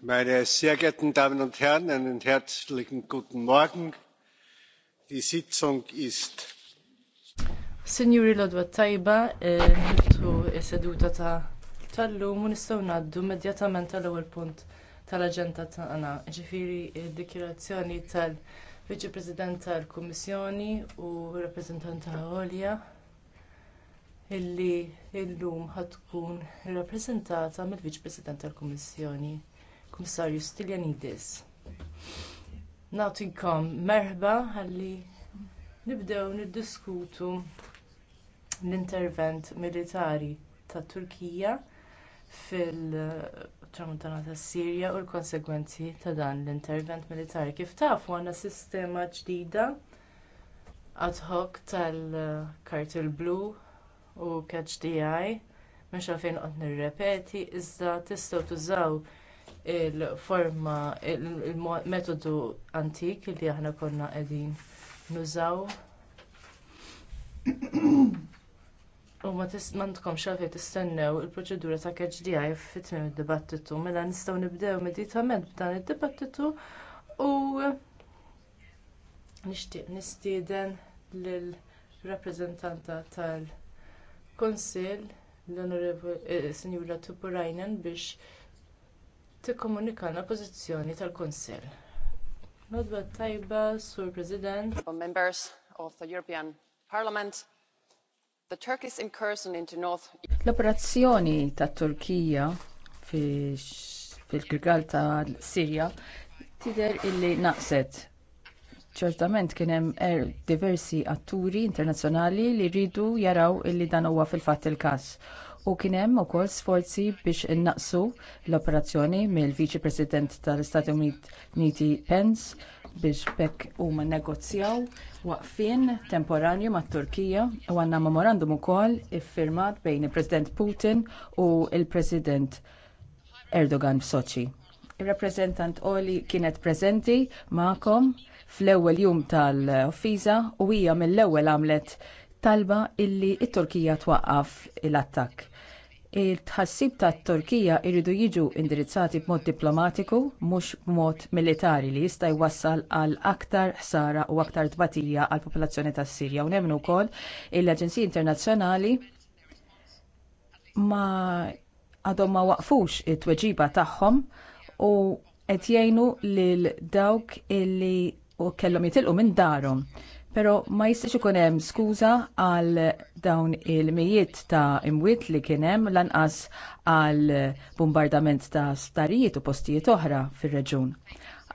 meine sehr geehrten damen und herren einen herzlichen guten morgen! die sitzung ist sinjuri l-għodwa tajba eh, niftu s-seduta ta' tal-lum u nistgħu ngħaddu immedjatament għall-ewwel punt tal-aġenda tagħna ġifieri d-dikjarazzjoni tal-viċi president tal-kummissjoni u r-rappreżentant għolja illi llum ħadd tkun irrappreżentata mill-viċi president tal-kummissjoni Kummissarju Stiljanidis. Nautinkom, merħba għalli nibdew niddiskutu l-intervent militari tat Turkija fil-tramuntana tas Sirja u l-konsegwenzi ta' dan l-intervent militari. Kif tafu għandna sistema ġdida ad hoc tal-kartil blu u catch DI mhux għalfejn qed nirrepeti iżda tistgħu tużaw il-forma, il-metodu antik li aħna konna qegħdin nużaw. U ma tismantkom xalfej tistennew il-proċedura ta' KHDI fit-tmim id-dibattitu, mela nistgħu nibdew immedjatament b'dan id-dibattitu u nixtieq nistieden lill rappreżentanta tal-Kunsill l-Onorevoli eh, Sinjura Tupurajnen biex Tikkomunikana l-pożizzjoni tal-Kunsill. Nodba tajba, Sur President. Members of the European Parliament, the Turkish incursion into North L-operazzjoni tat Turkija fil-Grigal ta' Sirja tidher illi naqset ċertament kien hemm er diversi atturi internazzjonali li rridu jaraw illi dan huwa fil-fatt il-każ u kien hemm ukoll sforzi biex innaqsu l-operazzjoni mill-Viċi President tal-Istati Uniti Pence biex bekk huma nnegozjaw waqfien temporanju mat-Turkija u għandna memorandum ukoll iffirmat bejn il-President Putin u l president Erdogan f'Soċi. Ir-rappreżentant Oli kienet preżenti magħkom fl-ewwel jum tal-offiża u hija mill-ewwel għamlet talba illi t turkija twaqqaf l-attakk il-tħassib tat Turkija jridu jiġu indirizzati b'mod diplomatiku, mhux b'mod militari li jista' jwassal għal aktar ħsara u aktar tbatija għall popolazzjoni tas-Sirja u nemmnu wkoll l-Aġenziji Internazzjonali ma għadhom ma waqfux it-tweġiba tagħhom u qed jgħinu lil dawk illi kellhom jitilqu minn darhom. Pero ma jistax ikun hemm skuża għal dawn il-mijiet ta' imwiet li kien hemm lanqas għal bombardament ta' starijiet u postijiet oħra fir-reġun.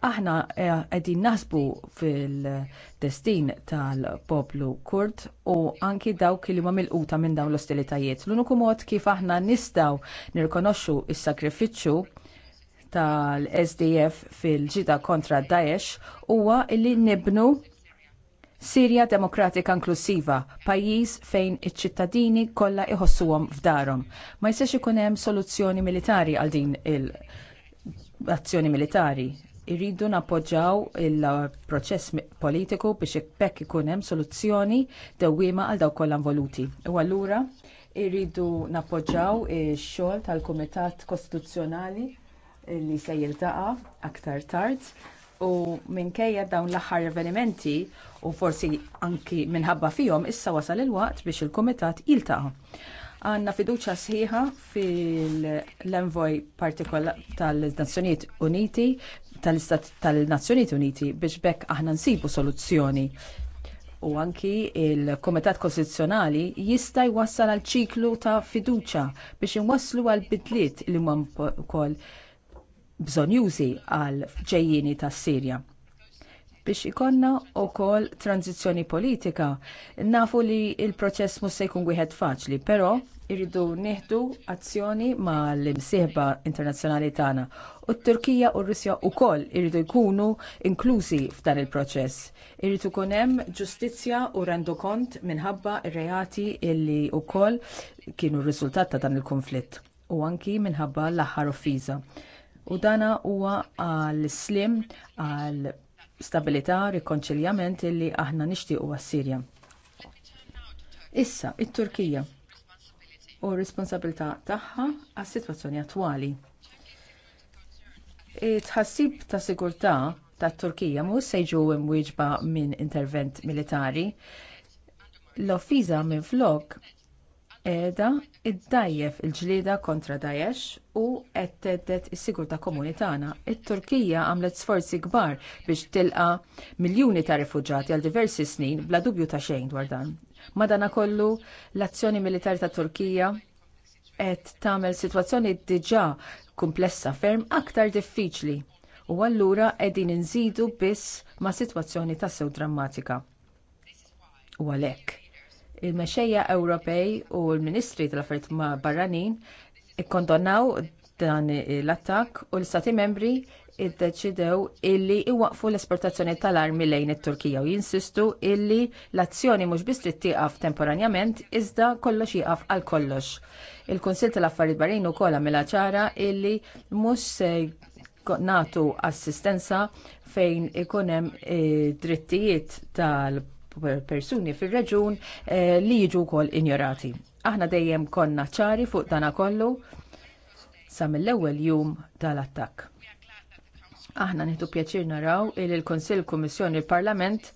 Aħna eh, qegħdin naħsbu fil-destin tal-poplu Kurd u anki dawk li huma milquta minn dawn l-ostilitajiet. L-uniku mod kif aħna nistgħu nirkonoxxu is-sakrifiċċju tal-SDF fil-ġida kontra Daesh huwa li nibnu Sirja demokratika inklusiva, pajjiż fejn iċ-ċittadini kollha iħossuhom f'darhom. Ma jistax ikun hemm soluzzjoni militari għal din il-azzjoni militari. Irridu nappoġġaw il-proċess politiku biex ikpek ikun hemm soluzzjoni dewwiema għal dawk kollha involuti. U allura irridu nappoġġaw ix-xogħol tal-Kumitat Kostituzzjonali li se jiltaqa' aktar tard u minkejja dawn l-aħħar avvenimenti u forsi anki minħabba fihom issa wasal il-waqt biex il-kumitat jiltaqa'. Għandna fiduċja sħiħa fil-envoj tal-Nazzjonijiet Uniti tal-Istat tal-Nazzjonijiet Uniti biex bekk aħna nsibu soluzzjoni u anki il-Komitat Kostituzzjonali jista' jwassal għal ċiklu ta' fiduċja biex inwasslu għal bidliet li huma wkoll bżonjużi għal ġejjini tas-Sirja biex ikonna wkoll transizzjoni politika. Nafu li l proċess mhux se jkun wieħed faċli, però irridu nieħdu azzjoni mal imsieħba internazzjonali tagħna. U t-Turkija u r-Russja wkoll irridu jkunu inklużi f'dan il-proċess. Irridu jkun hemm ġustizzja u rendu kont minħabba r reati illi wkoll kienu r-riżultat ta' dan il-konflitt u anki minħabba l-aħħar offiża u dana huwa għal slim għal stabilità rikonċiljament illi aħna nixtiequ għas-Sirja. Issa it-Turkija u r-responsabilità tagħha għas-sitwazzjoni attwali. It-ħassib ta' sigurtà tat-Turkija mhux se jiġu imwieġba minn intervent militari. L-offiża minflok qiegħda iddajjef il-ġlieda kontra Daesh u qed tedded is-sigurtà komuni tagħna. It-Turkija għamlet sforzi kbar biex tilqa miljuni ta' rifuġati għal diversi snin bla dubju ta' xejn dwar dan. Madankollu l-azzjoni militari ta' Turkija qed tagħmel sitwazzjoni diġà kumplessa ferm aktar diffiċli u allura qegħdin inżidu biss ma' sitwazzjoni tassew drammatika. U għalhekk Il-mexxejja Ewropej u l-Ministri tal-Affarijiet Barranin ikkondonnaw dan l-attakk u l-Stati membri iddeċidew illi iwaqfu l-esportazzjoni tal-armi lejn it-Turkija u jinsistu illi l-azzjoni mhux biss trid tieqaf temporanjament iżda kollox jieqaf għal kollox. Il-Kunsill tal-Affarijiet Barranin ukoll għamilha ċara illi mhux se nagħtu assistenza fejn ikun hemm eh, drittijiet tal persuni fir-reġun eh, li jiġu wkoll injorati. Aħna dejjem konna ċari fuq dana kollu sa mill-ewwel jum tal-attakk. Aħna nieħdu pjaċir naraw il il-Konsil Kummissjoni il-Parlament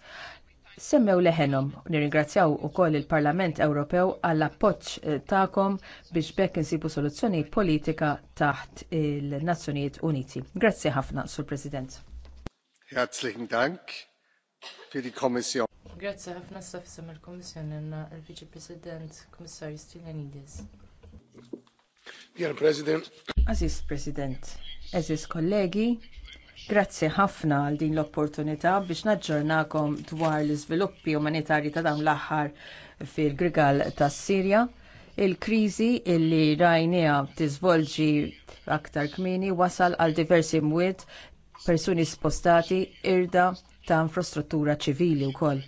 semmew leħenhom. Nirringrazzjaw ukoll il-Parlament Ewropew għall appoġġ eh, tagħkom biex bekk insibu soluzzjoni politika taħt il-Nazzjonijiet Uniti. Grazzi ħafna, Sur President. Herzlichen Dank für die Kommission. Grazzi ħafna s-safsam il-Komissjoni għanna il-Viċi President Komissarju Stylianides. Dear President. Aziz President, Aziz kollegi, Grazzi ħafna għal din l-opportunità biex naġġornakom dwar l-iżviluppi umanitarji ta' dawn l-aħħar fil-Grigal tas Sirja. Il-kriżi illi rajnija tiżvolġi aktar kmieni wasal għal diversi mwiet, persuni spostati, irda ta' infrastruttura ċivili wkoll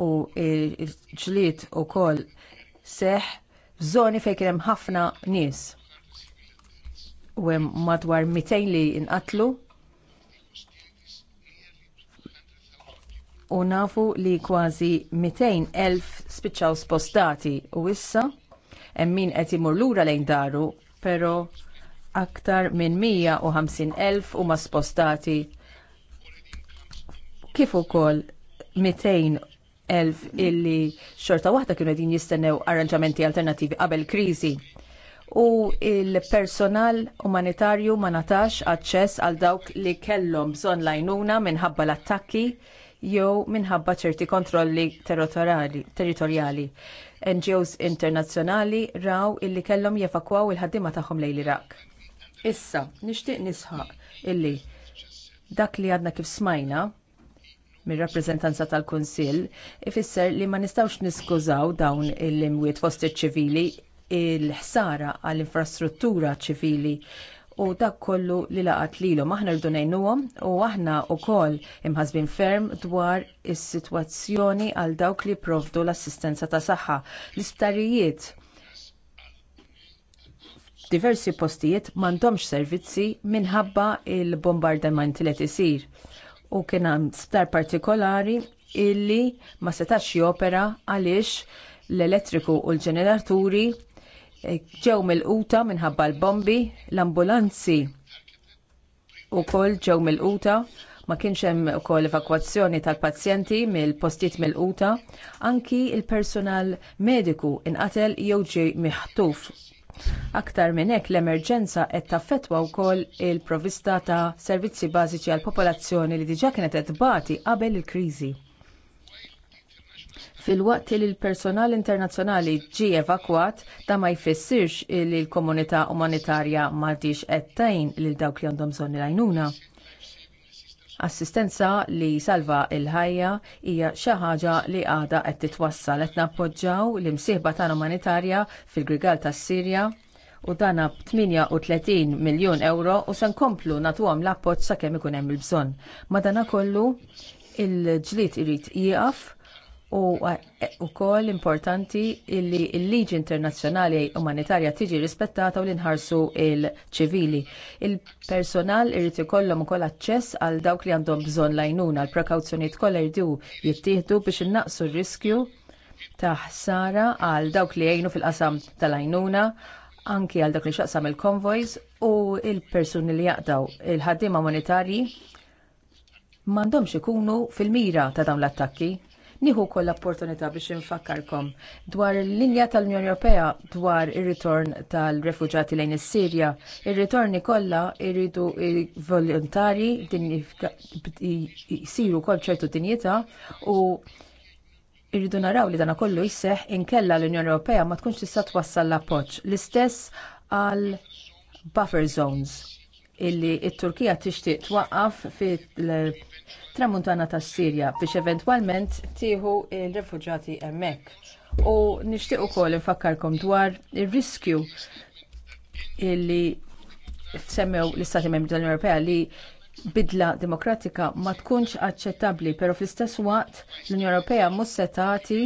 u l-ġlied ukoll seħħ f'żoni fejn kien hemm ħafna nies. U hemm madwar 200 li inqatlu u nafu li kważi 200,000 spiċċaw spostati u issa hemm min qed imur lura lejn daru, però aktar minn 150,000 huma spostati kif ukoll elf illi xorta waħda kienu għedin jistennew arranġamenti alternattivi qabel kriżi. U il-personal umanitarju ma natax aċċess għal dawk li kellhom bżonn lajnuna minħabba l-attakki jew minħabba ċerti kontrolli territorjali. NGOs internazzjonali raw illi kellhom jevakwaw il ħaddima tagħhom lejn Iraq. Issa, nixtieq nisħaq illi dak li għadna kif smajna mir-rappreżentanza tal-Kunsill ifisser li ma nistgħux niskużaw dawn il-imwiet fost iċ-ċivili il-ħsara għall-infrastruttura ċivili u dak kollu li laqat lilhom aħna rridu ngħinuhom u aħna wkoll imħasbin ferm dwar is-sitwazzjoni għal dawk li jipprovdu l-assistenza ta' saħħa. L-isptarijiet diversi postijiet m'għandhomx servizzi minħabba l bombardamenti li qed isir u kien hemm sptar partikolari illi ma setax jopera għaliex l-elettriku u l-ġeneraturi eh, ġew mill-quta minħabba l-bombi, l-ambulanzi wkoll ġew mill-quta ma kienx hemm ukoll evakwazzjoni tal-pazjenti mill-postijiet mill-quta, anki l personal mediku inqatel jew ġie miħtuf Aktar minn hekk l-emerġenza qed taffettwa wkoll il-provista ta' servizzi bażiċi għall popolazzjoni li diġà kienet qed tbati qabel il-kriżi. Filwaqt li l-personal internazzjonali ġie evakwat ta ma jfissirx li l-komunità umanitarja m'għadix qed tgħin lil dawk li għandhom bżonn l-għajnuna. Assistenza li salva il-ħajja hija xi ħaġa li għadha qed titwassal qed nappoġġjaw l-imsieħba tagħna umanitarja fil-Grigal tas-Sirja u b b'38 miljun euro u se nkomplu nagħtuhom l-appoġġ sakemm ikun hemm il-bżonn. Madana kollu il-ġlied irid jieqaf u wkoll eh, importanti li l-liġi internazzjonali umanitarja tiġi rispettata u l-inħarsu il-ċivili. Il-personal irrid ikollhom ukoll aċċess għal dawk li għandhom bżonn lajnuna l prekawzjonijiet kollha jridu jittieħdu biex innaqsu r-riskju ta' ħsara għal dawk li jgħinu fil-qasam tal-għajnuna anki għal dak li xaqsam il-konvojs u il-persuni li jaqdaw il-ħaddiema umanitarji m'għandhomx ikunu fil-mira ta' dawn l-attakki Nieħu koll opportunità biex infakkarkom dwar il-linja tal-Unjoni Ewropea dwar ir-ritorn tal-refuġati lejn is-Sirja. Ir-ritorni kollha jridu volontari jsiru wkoll ċertu dinjità u irridu naraw li dana kollu jseħ inkella l-Unjoni Ewropea ma tkunx tista' twassal l-appoġġ. L-istess għal buffer zones illi t turkija tixtieq twaqqaf fit-tramuntana tas-Sirja biex eventwalment tieħu r-refuġati hemmhekk. U nixtieq ukoll infakkarkom dwar ir-riskju illi semmew l-Istati Membri tal-Unjoni Ewropea li bidla demokratika ma tkunx aċċettabbli, però fl-istess waqt l-Unjoni Ewropea mhux se tagħti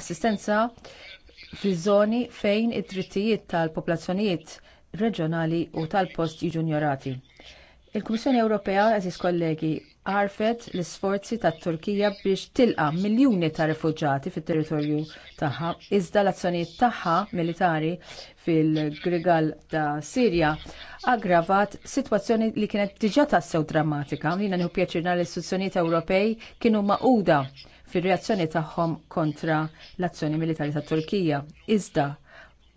assistenza fi żoni fejn id-drittijiet tal-popolazzjonijiet reġjonali u tal-post jiġu ignorati. Il-Kummissjoni Ewropea, eżis kollegi, għarfet l-isforzi tat Turkija biex tilqa' miljuni ta' rifuġati fit-territorju tagħha iżda l-azzjonijiet tagħha militari fil-Grigal ta' Sirja aggravat sitwazzjoni li kienet diġà tassew drammatika. Jiena nieħu pjaċirna l-istituzzjonijiet Ewropej kienu maquda fir-reazzjoni tagħhom kontra l-azzjoni militari tat Turkija. Iżda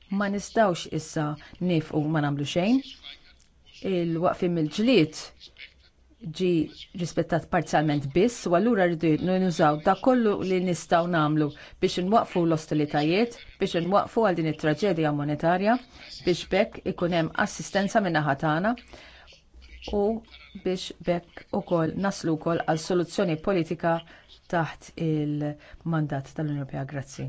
ma nistawx issa nifqu ma nagħmlu xejn. Il-waqfim il-ġlied ġi rispettat parzjalment biss, u allura rridu nużaw dak kollu li nistgħu nagħmlu biex inwaqfu l-ostilitajiet, biex inwaqfu għal din it-traġedja monetarja, biex bekk ikun hemm assistenza minn naħa tagħna u biex bekk ukoll naslu wkoll għal soluzzjoni politika taħt il-mandat tal-Unjoni Ewropea. Grazzi.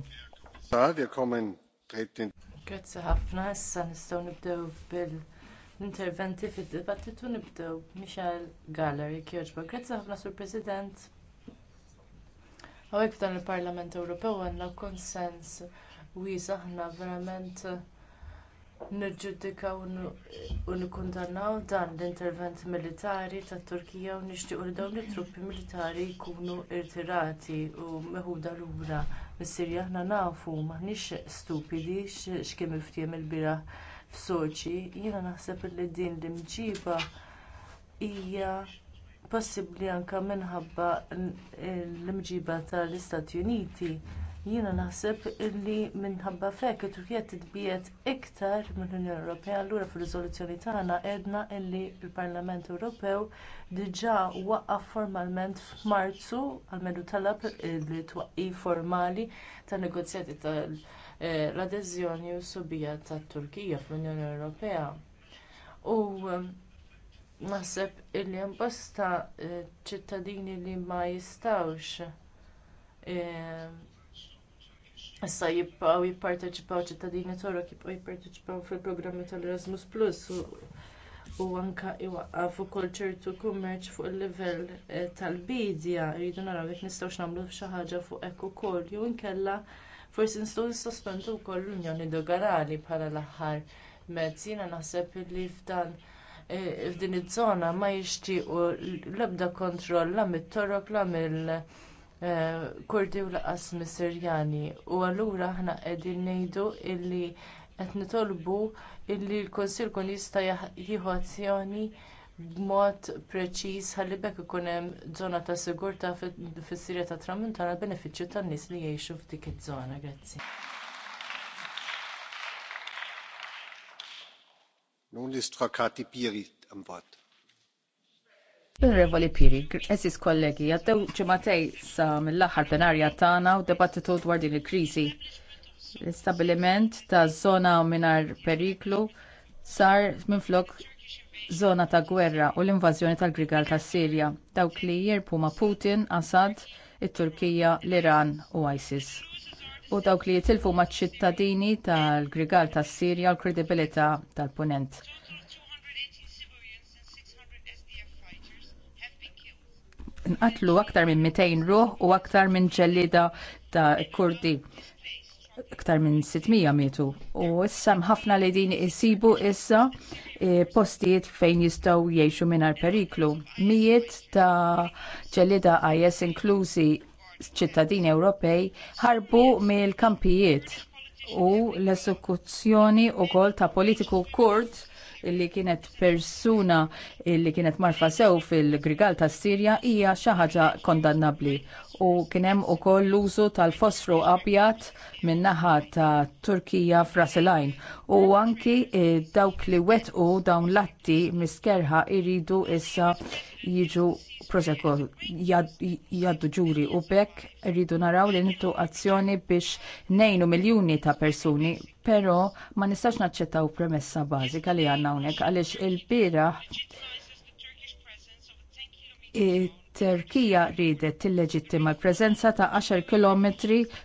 Grazzi ħafna, issa nistgħu nibdew bil-interventi fid-dibattitu nibdew Michel Galler jogħġba. Grazzi ħafna sur President. Hawnhekk f'dan il-Parlament Ewropew għandna konsens wiesa aħna verament niġġudikaw u nikkundannaw dan l-intervent militari tat Turkija u nixtiequ li dawn it-truppi militari jkunu irtirati u meħuda lura mis aħna nafu maħniex stupidi x'kien iftiem il-bieraħ f'Soċi. Jiena naħseb li din l-imġiba hija possibbli anke minħabba l-imġiba tal-Istati Uniti Jiena naħseb illi minħabba f'hekk it-Turkija titbiet iktar mill-Unjoni Ewropea allura fir-riżoluzzjoni tagħna għedna illi l-Parlament Ewropew diġà waqqaf formalment f'Marzu għal-medu talab il-twaqqif formali tan negozjati tal-adeżjoni u subija tat-Turkija fl-Unjoni Ewropea. U um, naħseb illi hemm bosta eh, ċittadini li ma jistgħux eh, issa jibqgħu jipparteċipaw ċittadini torok jibqgħu jipparteċipaw fil-programmi tal-Erasmus Plus u anke iwaqqaf ukoll ċertu kummerċ fuq il-livell eh, tal-bidja jridu naraw jekk nistgħux nagħmlu xi ħaġa fuq hekk ukoll jew inkella forsi nistgħu nissospendu wkoll l-Unjoni Doganali bħala l-aħħar mezz jiena naħseb li f'dan eh, f'din iż-żona ma jixtiequ l-ebda kontroll la mit-torok la mill Kurdi u laqas Misirjani u allura aħna qegħdin ngħidu illi qed nitolbu illi l-Kunsill kun jista' jieħu azzjoni b'mod preċiż ħalli bekk ikun hemm żona ta' sigurtà fis-Sirja tat Tramuntana għall benefiċċju tan-nies li jgħixu f'dik iż-żona. Grazzi. Nun L-Onorevoli Piri, eżis kollegi, għaddew ġematej sa mill-aħħar plenarja tagħna u debattitu dwar din il-kriżi. L-istabiliment ta' żona mingħajr periklu sar minflok żona ta' gwerra u l-invażjoni tal-Grigal tas Sirja dawk li jirpu ma' Putin, Assad, it-Turkija, l-Iran u ISIS. U dawk li jitilfu maċ ċittadini tal-Grigal tas Sirja u l-kredibilità tal-punent. nqatlu aktar minn 200 ruħ u aktar minn ġellida ta' kurdi aktar minn 600 mietu. U issa mħafna li din isibu issa e, postijiet fejn jistgħu jgħixu mingħajr periklu. Mijiet ta' ġellida IS inklużi ċittadini Ewropej ħarbu mill-kampijiet u l-esekuzzjoni wkoll ta' politiku kurd li kienet persuna li kienet marfa sew fil-grigal tas Sirja hija xi ħaġa kondannabbli u kien hemm ukoll l-użu tal-fosfru abjad min-naħa ta' Turkija fraselajn u anki eh, dawk li wettqu dawn l-atti miskerħa jridu issa jiġu protokol jaddu ġuri u bekk rridu naraw li nittu azzjoni biex nejnu miljuni ta' persuni, pero ma nistax naċċettaw premessa bażika li għandna hawnhekk għaliex il-bieraħ Terkija ridet tillegittima l-preżenza ta' 10 km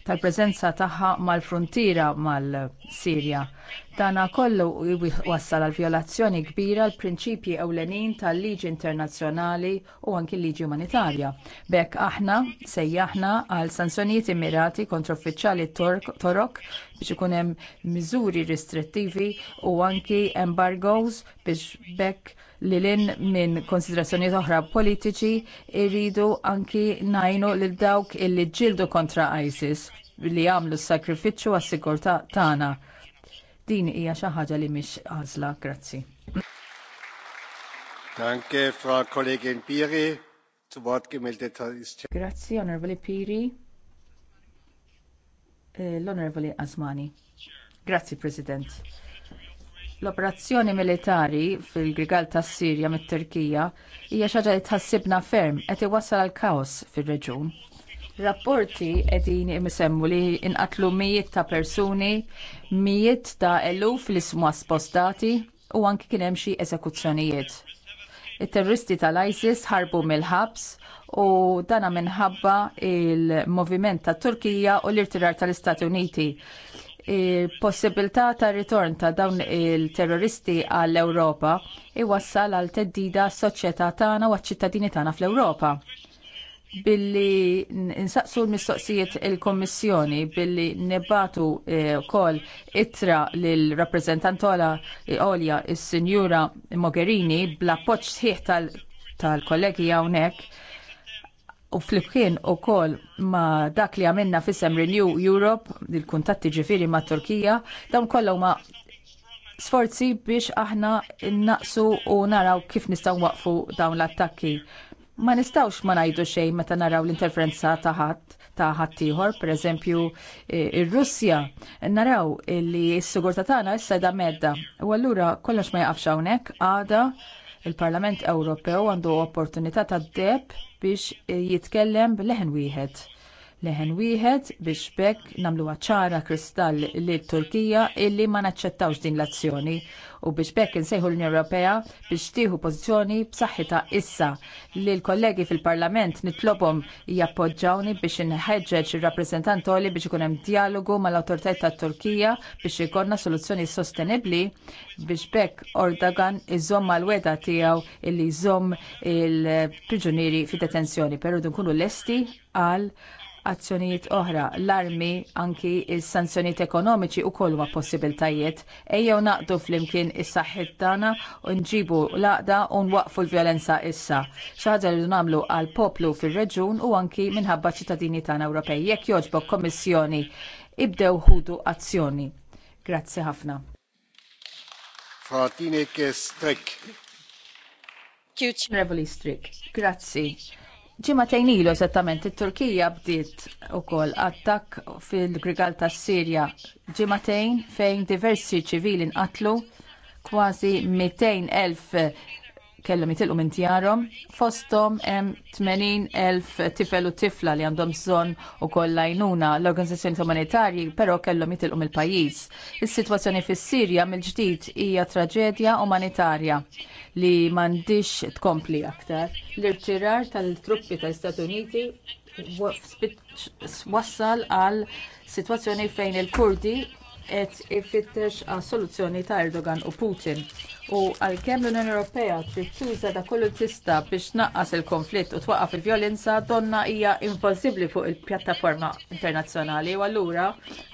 tal-preżenza tagħha mal-frontiera mal-Sirja. Dana kollu wassal għal violazzjoni kbira l prinċipji ewlenin tal-liġi internazzjonali u anki l-liġi umanitarja. B'hekk aħna sejjaħna għal sanzjonijiet immirati kontra uffiċjali Torok biex ikun hemm miżuri restrittivi u anki embargoes biex bekk li lin minn konsiderazzjonijiet oħra politiċi irridu anki najnu lil dawk illi ġildu kontra ISIS li għamlu s-sakrifiċċju għas-sigurtà tagħna. Din hija xi ħaġa li mhix għażla, grazzi. Danke, Frau Kollegin Piri. Zu Wort gemeldet ist. Grazie, Honorable Piri. Eh, L-Onorevoli Asmani. Grazie, President L-operazzjoni militari fil-Grigal tas Sirja mit-Turkija hija xi ħaġa li tħassibna ferm qed iwassal għal kaos fir-reġun. Rapporti qegħdin imisemmu li inqatlu mijiet ta' persuni, mijiet ta' eluf li smu spostati u anki kien hemm xi eżekuzzjonijiet. It-terroristi tal-ISIS ħarbu mill-ħabs u dana minħabba il-moviment ta' Turkija u l-irtirar tal-Istati Uniti il-possibilità ta' ritorn ta' dawn il-terroristi għall-Ewropa iwassal għal teddida s-soċjetà tagħna u għaċ-ċittadini tagħna fl-Ewropa. Billi nsaqsu l-mistoqsijiet il-Kommissjoni billi nebatu wkoll eh, ittra lil rappreżentantola eh, Olja is-Sinjura Mogherini bla poċ sħiħ tal-kollegi hawnhekk u flimkien kol ma dak li għamilna fissem Renew Europe, il-kuntatti ġifiri ma' Turkija, dawn kollu ma' sforzi biex aħna naqsu u naraw kif nistgħu waqfu dawn l-attakki. Ma nistawx ma najdu xejn meta naraw l-interferenza ta' ħadd ta' ħaddieħor, pereżempju e, ir-Russja, naraw li s sigurta tagħna issa da medda. U allura kollox ma jaqafx hawnhekk għada Il-Parlament Ewropew għandu opportunità tad-deb biex jitkellem b'leħen wieħed leħen wieħed biex bekk nagħmluha ċara kristall lit Turkija illi ma naċċettawx din l-azzjoni u biex bekk insejħu l-Unjoni Ewropea biex tieħu pożizzjoni b'saħħitha issa li l-kollegi fil-Parlament nitlobhom jappoġġawni biex inħeġġeġ ir-rappreżentant li biex ikun hemm dialogu mal-awtoritajiet tat-Turkija biex ikollna soluzzjoni sostenibbli biex bekk Erdogan iżomm mal-weda tiegħu illi jżomm il-priġunieri fi detenzjoni, peru nkunu lesti għal azzjonijiet oħra, l-armi anki s sanzjonijiet ekonomiċi wkoll huwa possibiltajiet. Ejjew naqdu flimkien is-saħħit tagħna u nġibu l-għaqda u nwaqfu l-vjolenza issa. Xi ħaġa li nagħmlu għall poplu fir-reġun u anki minħabba ċittadini tagħna Ewropej. Jekk jogħġbok Kommissjoni, ibdew ħudu azzjoni. Grazzi ħafna. Fratinek Strik. Grazzi ġimatejn ilu eżattament it-Turkija bdiet ukoll attakk fil-grigal tas-Sirja ġimatejn fejn diversi ċivili nqatlu kważi 200 elf kellhom jitilqu minn tjarhom fosthom hemm 80,000 tifel u tifla li għandhom bżonn ukoll għajnuna l-organizzazzjoni umanitarji però kellhom jitilqu mill-pajjiż. Is-sitwazzjoni fis-Sirja mill-ġdid hija traġedja umanitarja li m'għandix tkompli aktar. l irċirar tal-truppi tal-Istati Uniti wassal għal sitwazzjoni fejn il-Kurdi qed ifittex għal soluzzjoni ta' Erdogan u Putin u għalkemm l-Unjoni Ewropea trid tuża da kollu tista' biex tnaqqas il-konflitt u twaqqaf il-vjolenza, donna hija impossibbli fuq il-pjattaforma internazzjonali u allura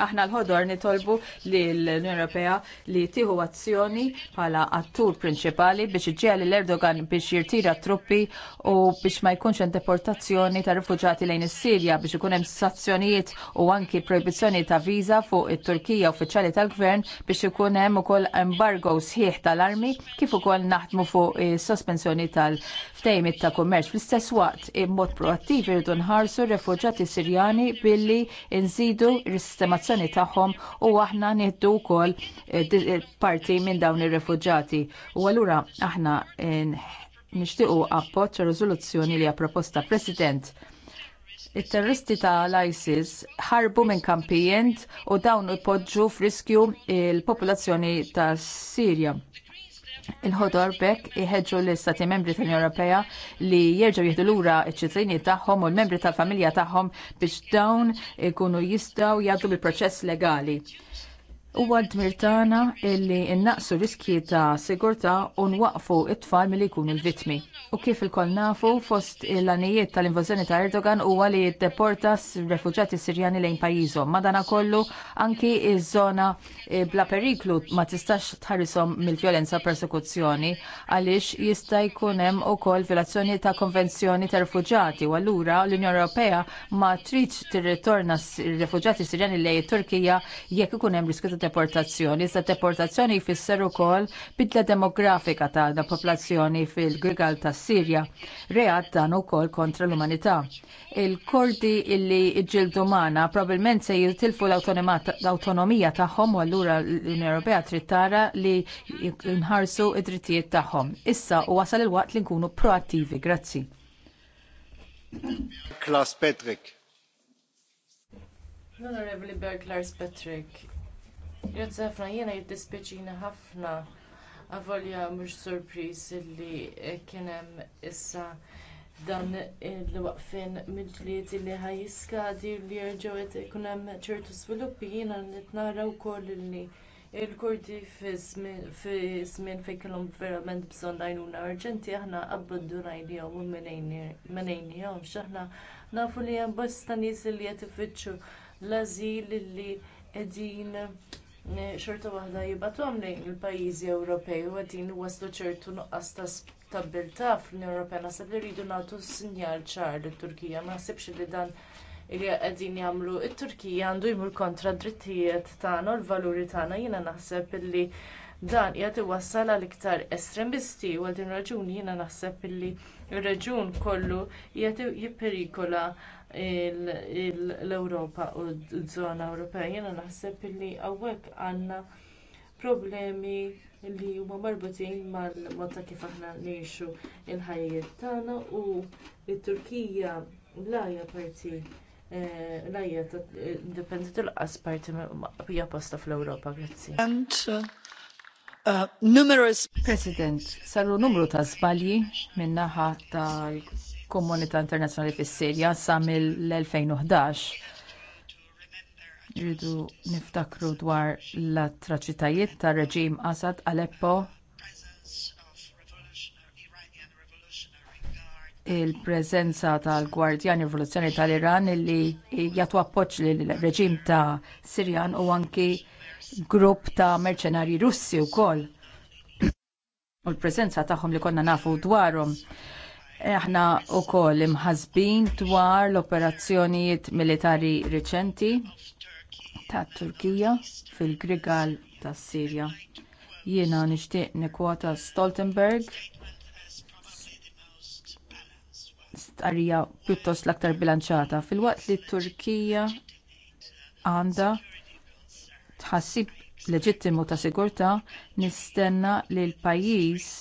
aħna l-ħodor nitolbu lill unjoni Ewropea li tieħu azzjoni bħala attur prinċipali biex iġġieli l-Erdogan biex jirtira t truppi u biex ma jkunx hemm deportazzjoni ta' rifuġati lejn is-Sirja biex ikun hemm sanzjonijiet u anki proibizzjoni ta' viża fuq it-Turkija uffiċjali tal-Gvern biex ikun hemm ukoll embargo sħiħ tal-armi armi kif ukoll naħdmu fuq is-sospensjoni tal-ftejmit ta' kummerċ. Fl-istess waqt immod proattiv irridu nħarsu r-refuġjati Sirjani billi nżidu r-sistemazzjoni tagħhom u aħna nieħdu wkoll eh, eh, parti minn dawn ir-refuġjati. U allura aħna eh, nixtiequ appoġġ riżoluzzjoni li hija proposta President it-terroristi tal-ISIS ħarbu minn kampijent u dawn ipoġġu f'riskju l popolazzjoni tas Sirja. Il-ħodor bekk iħeġġu l-istati membri tal-Unjoni Ewropea li jerġgħu jieħdu lura ċ-ċittadini tagħhom u l-membri tal-familja tagħhom biex dawn ikunu jistgħu jgħaddu bil-proċess legali. Huwa d-dmir tagħna illi innaqsu riskji ta' sigurtà u nwaqfu it-tfal milli jkunu l-vittmi. U kif ilkoll nafu fost il-għanijiet tal-invażjoni ta' Erdogan huwa li jiddeporta refuġati Sirjani lejn pajjiżhom. Madankollu, anki iż-żona eh, bla periklu ma tistax tħarisom mill-vjolenza persekuzzjoni għaliex jista' jkun hemm ukoll violazzjoni ta' konvenzjoni ta' refuġati u allura l-Unjoni Ewropea ma tridx tirritorna r-refuġati Sirjani lejn Turkija jekk ikun hemm riskju deportazzjoni. Iżda deportazzjoni jfisser ukoll bidla demografika ta tal popolazzjoni fil-Grigal tas Sirja. Reat dan ukoll kontra l-umanità. il kordi illi ġildu mana probabbilment se jitilfu l-autonomija tagħhom u allura l-Unjoni Ewropea trid tara li nħarsu id-drittijiet tagħhom. Issa u wasal il-waqt li nkunu proattivi. Grazzi. Klaus Patrick. l Berg Lars Patrick. Grazzi ħafna jiena jittispeċina ħafna għavolja mhux sorpriż li eh, kien hemm issa dan il-waqfin mill-ġlied li di li jerġgħu kunem ikun hemm ċertu sviluppi jiena nitnara u wkoll li il kordi fi żmien fejn kellhom verament bżonn għajnuna urġenti aħna abbandunajnihom u menejnihom x'aħna nafu li hemm bosta nies li qed ifittxu l li qegħdin xorta waħda jibatuhom għamli il-pajjiżi Ewropej u qegħdin iwasslu ċertu nuqqas ta' stabbiltà fl-Unjoni Ewropea naħseb li rridu nagħtu sinjal ċar lit-Turkija ma naħsibx li dan li qegħdin jagħmlu it-Turkija għandu jmur kontra d-drittijiet tagħna u l-valuri tagħna jiena naħseb illi dan qiegħed iwassal għal iktar estremisti u għal din raġuni jiena naħseb illi r-reġjun kollu qiegħed jipperikola l-Ewropa u ż-żona Ewropea. jena naħseb li hawnhekk għandna problemi li huma marbutin mal-mod ta' kif aħna ngħixu l ħajjiet tagħna u t-Turkija l-għajja parti eh, l-għajja ta' independent l-qas parti hija posta fl-Ewropa, grazzi. Uh, uh, numerous President, saru numru ta' żbalji min-naħa tal komunità internazzjonali fis-Sirja sa mill-2011. Rridu niftakru dwar l-atroċitajiet tar reġim Assad Aleppo il-preżenza tal-Gwardjan Rivoluzzjoni tal-Iran illi jagħtu appoġġ lill reġim ta' Sirjan u anki grupp ta' merċenarji Russi wkoll u l-preżenza tagħhom li konna nafu dwarhom Eh, aħna wkoll imħazbin dwar l-operazzjonijiet militari riċenti tat Turkija fil-Grigal tas Sirja. Jiena nixtieq nikkwota Stoltenberg starija pjuttost l-aktar bilanċata filwaqt li t Turkija għandha tħassib leġittimu ta' sigurtà nistenna li l-pajjiż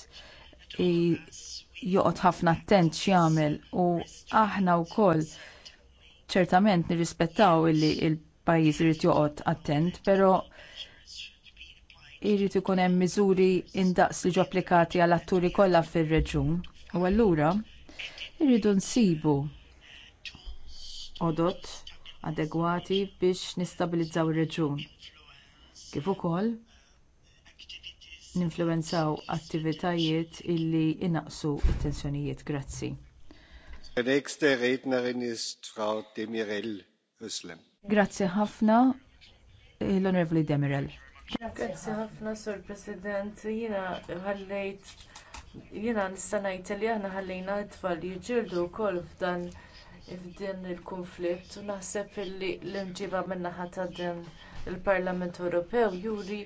joqgħod ħafna attent x'jagħmel u aħna wkoll ċertament nirrispettaw illi l-pajjiż irid joqgħod attent, però jrid ikun hemm miżuri indaqs li ġew applikati għal atturi kollha fir-reġjun. U allura irridu nsibu għodot adegwati biex nistabilizzaw ir-reġjun. Kif ukoll ninfluwenzaw attivitajiet illi jnaqsu t-tensjonijiet. Grazzi. Grazzi ħafna l-Onorevoli Demirel. Grazzi ħafna, Sur President. Jiena ħallejt, jiena nista' ngħid li aħna ħallejna t-tfal jiġġieldu wkoll f'dan f'din il-konflitt u naħseb li l-imġiba min-naħa ta' din il-Parlament Ewropew juri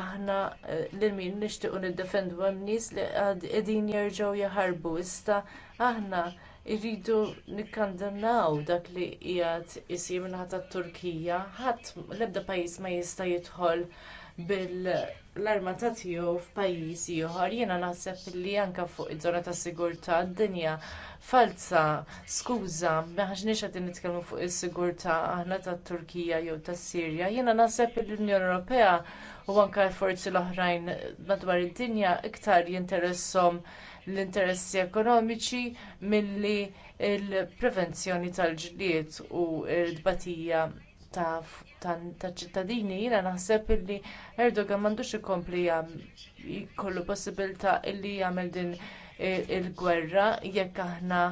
aħna eh, lil min nixtiequ niddefendu hemm nies li qegħdin jerġgħu jaħarbu iżda aħna rridu nikkandennaw dak li qiegħed isir minħata t-Turkija ħadd l-ebda pajjiż ma jista' jidħol bil-armata tiegħu f'pajjiż ieħor jiena naħseb li anke fuq iż-żona tas-sigurtà d-dinja falsa skuża m'aħniex qegħdin nitkellmu fuq is-sigurtà aħna tat-Turkija jew tas-Sirja jiena naħseb li l-Unjoni Ewropea u anke l-forzi l-oħrajn madwar id-dinja iktar jinteressom l-interessi ekonomiċi milli l prevenzjoni tal-ġlied u l tbatija ta' ċittadini jiena naħseb illi Erdogan m'għandux ikompli jkollu possibilità illi jagħmel din e, il-gwerra jekk aħna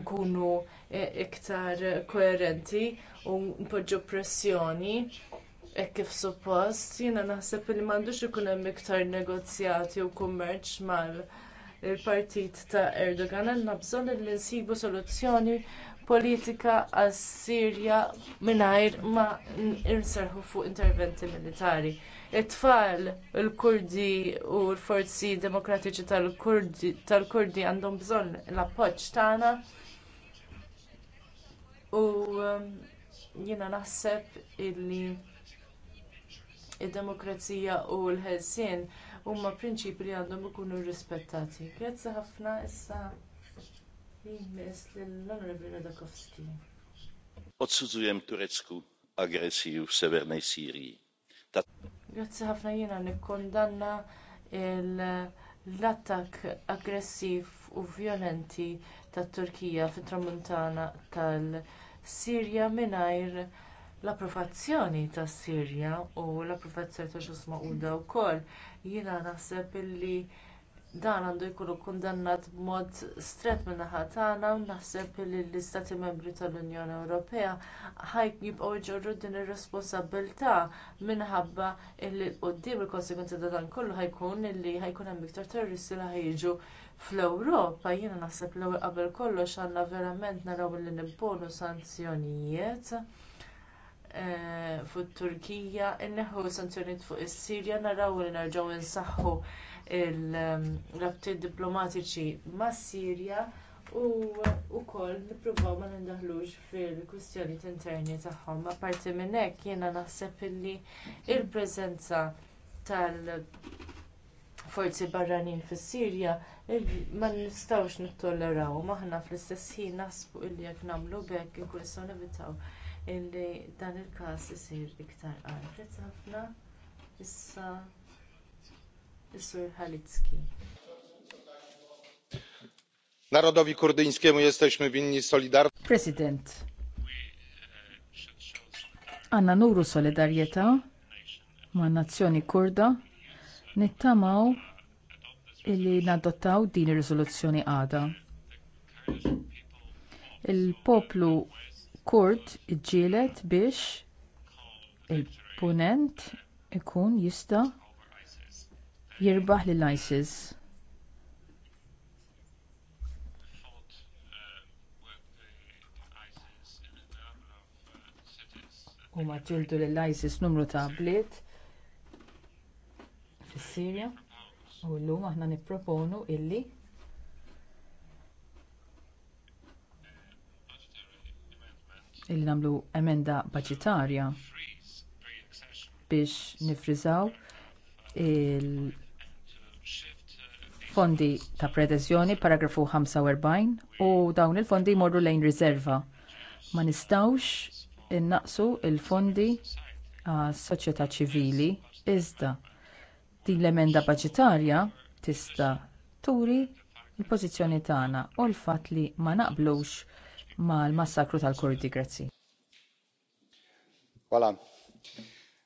nkunu e, iktar koerenti u npoġġu pressjoni hekk kif suppost, jiena naħseb li m'għandux ikun hemm iktar negozjati u kummerċ mal partit ta' Erdogan għandna bżonn li nsibu soluzzjoni politika għas-Sirja mingħajr ma nserħu fuq interventi militari. It-tfal, il-Kurdi u l-forzi demokratiċi tal-Kurdi għandhom bżonn l-appoġġ tagħna. U um, jiena naħseb illi id-demokrazija u l-ħelsien huma prinċipji li għandhom ikunu rrispettati. Grazzi ħafna issa jmiss lill-Onorevoli Radakowski. Odsudzujem Turecku aggressiv severnej Sirji. Grazzi ħafna jiena nikkondanna l-attakk aggressiv u vjolenti tat-Turkija fit-tramuntana tal-Sirja mingħajr l-approvazzjoni tas sirja u l-approvazzjoni ta' ġus maquda wkoll jiena naħseb illi dan għandu jkun ikkundannat b'mod strett min-naħa tagħna u naħseb li l-istati membri tal-Unjoni Ewropea ħajt jibqgħu jġorru din ir-responsabbiltà minħabba li quddiem il-konsegwenza ta' dan kollu ħajkun illi ħajkun hemm iktar terroristi li ħajġu fl-Ewropa jiena naħseb l-ewwel qabel kollox għandna verament naraw li nimponu sanzjonijiet Eh, fut turkija inneħħu sanzjonijiet fuq is-Sirja naraw li nerġgħu insaħħu l-rabtiet diplomatiċi mas-Sirja u wkoll nippruvaw ma nindaħlux fil-kwistjonijiet interni tagħhom. Apparti minn hekk jiena naħseb illi l preżenza tal-forzi barranin fis-Sirja ma nistgħux nittolleraw aħna fl-istess ħin naħsbu illi jekk nagħmlu b'hekk inkun nistgħu nevitaw illi dan il-każ isir iktar qar. ħafna issa is-Sur Halicki. Narodowi kurdyjskiemu jesteśmy winni solidarność. President. Għanna nuru solidarjetà ma' nazzjoni kurda nittamaw illi nadottaw din ir-riżoluzzjoni għada. Il-poplu Kurt iġġielet biex il-punent ikun jista' jirbaħ lil ISIS. Huma ġildu lil ISIS numru ta' bliet fis-Sirja u llum aħna nipproponu illi illi nagħmlu emenda baġitarja biex nifriżaw il-fondi ta' predeżjoni paragrafu 45 u dawn il-fondi jmorru lejn riserva. Ma nistgħux innaqsu l fondi għas soċjetà ċivili iżda din l-emenda baġitarja tista' turi l-pożizzjoni tagħna u l-fatt li ma naqblux mal-massakru tal-Kurdi. Grazzi. Voilà.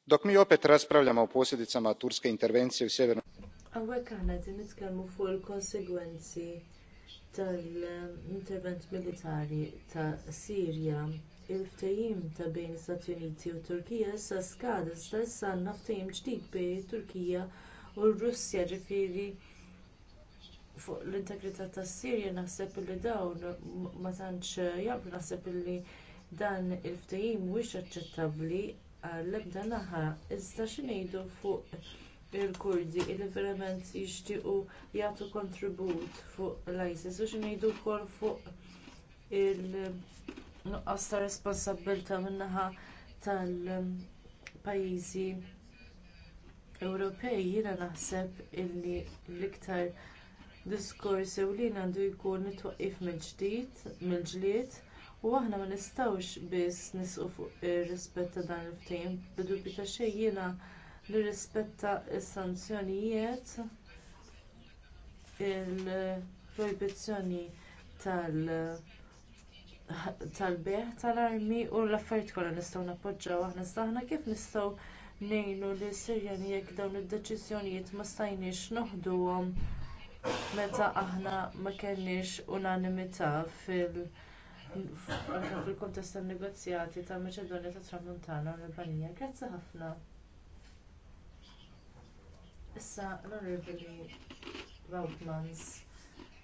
Dok mi u raspravljamo o posljedicama turske intervenzi u Sever Għawek għana nitkellmu fuq il-konsegwenzi tal-intervent militari ta' Sirja il ftajim ta' bejn l-Istati Uniti u Turkija sa skada stessa' għandna ftehim ġdid bejn Turkija u r-Russja ġifieri fuq l-integrità tas-Sirja naħseb li dawn ma tantx jaqblu naħseb li dan il-ftehim mhuwiex aċċettabbli għall-ebda naħa iżda xi ngħidu fuq il-Kurdi li verament jixtiequ jagħtu kontribut fuq l-ISIS u xi ngħidu wkoll fuq il-nuqqas ta' responsabbilta min-naħa tal-pajjiżi Ewropej jiena naħseb illi l-iktar diskors ewlien għandu jkun mitwaqqif mill-ġdid mill-ġlied u aħna ma nistgħux biss nisqu fuq ir-rispett ta' dan il-ftehim bidubju ta' xejn jiena nirrispetta s-sanzjonijiet il-projbizzjoni tal- tal-beħ tal-armi u l-affarijiet kollha nistgħu nappoġġjaw aħna S'aħna kif nistgħu ngħinu lis sirjani jekk dawn id-deċiżjonijiet ma stajniex noħduhom meta aħna ma kellniex unanimità fil- kontest kuntest tan-negozjati ta' Maċedonja tat Tramuntana u Albanija. Grazzi ħafna. Issa l-Onorevoli Rautmans.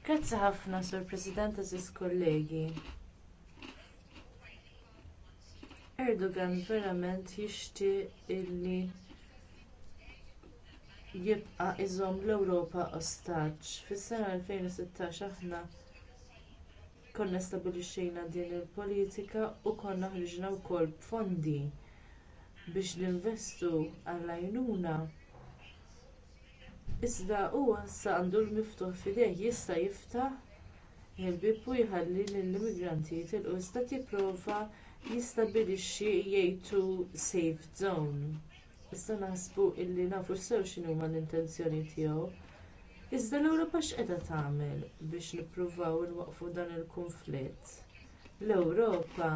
Grazzi ħafna, Sur President, eżis kollegi. Erdogan verament jixtieq illi jibqa' iżomm l-ewropa ostaġġ fis-sena 2016 aħna konna stabbilixxejna din il-politika u konna ħriġna wkoll fondi biex ninvestu għall-għajnuna iżda huwa issa għandu l-miftuħ f'idejh jista' jiftaħ il-bieb u jħalli lill-immigranti jitilqu iżda jipprova jistabbilixxi jgħid safe zone Issa naħsbu illi nafu sew x'inhu l-intenzjoni tiegħu. Iżda l-Ewropa x'qiegħda tagħmel biex nippruvaw inwaqfu dan il-kunflitt. L-Ewropa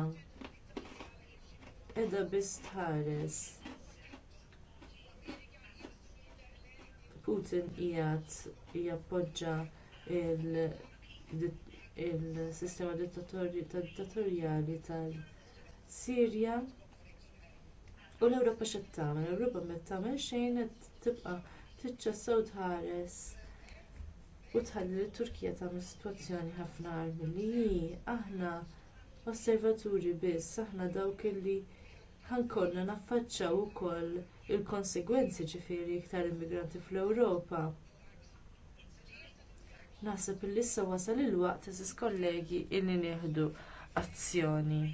qiegħda biss tħares. Putin qiegħed jappoġġa il-sistema dittatorjali tal-Sirja U l-Ewropa xi tagħmel, l-Ewropa ma tagħmel xejn qed tibqa' tiċċessa u tħares u tħalli lit turkija tagħmel sitwazzjoni ħafna armi li aħna osservaturi biss aħna dawk li ħankollna naffaċċjaw ukoll il-konsegwenzi ġifieri iktar immigranti fl-Ewropa. Naħseb li issa wasal il-waqt eżis kollegi illi nieħdu azzjoni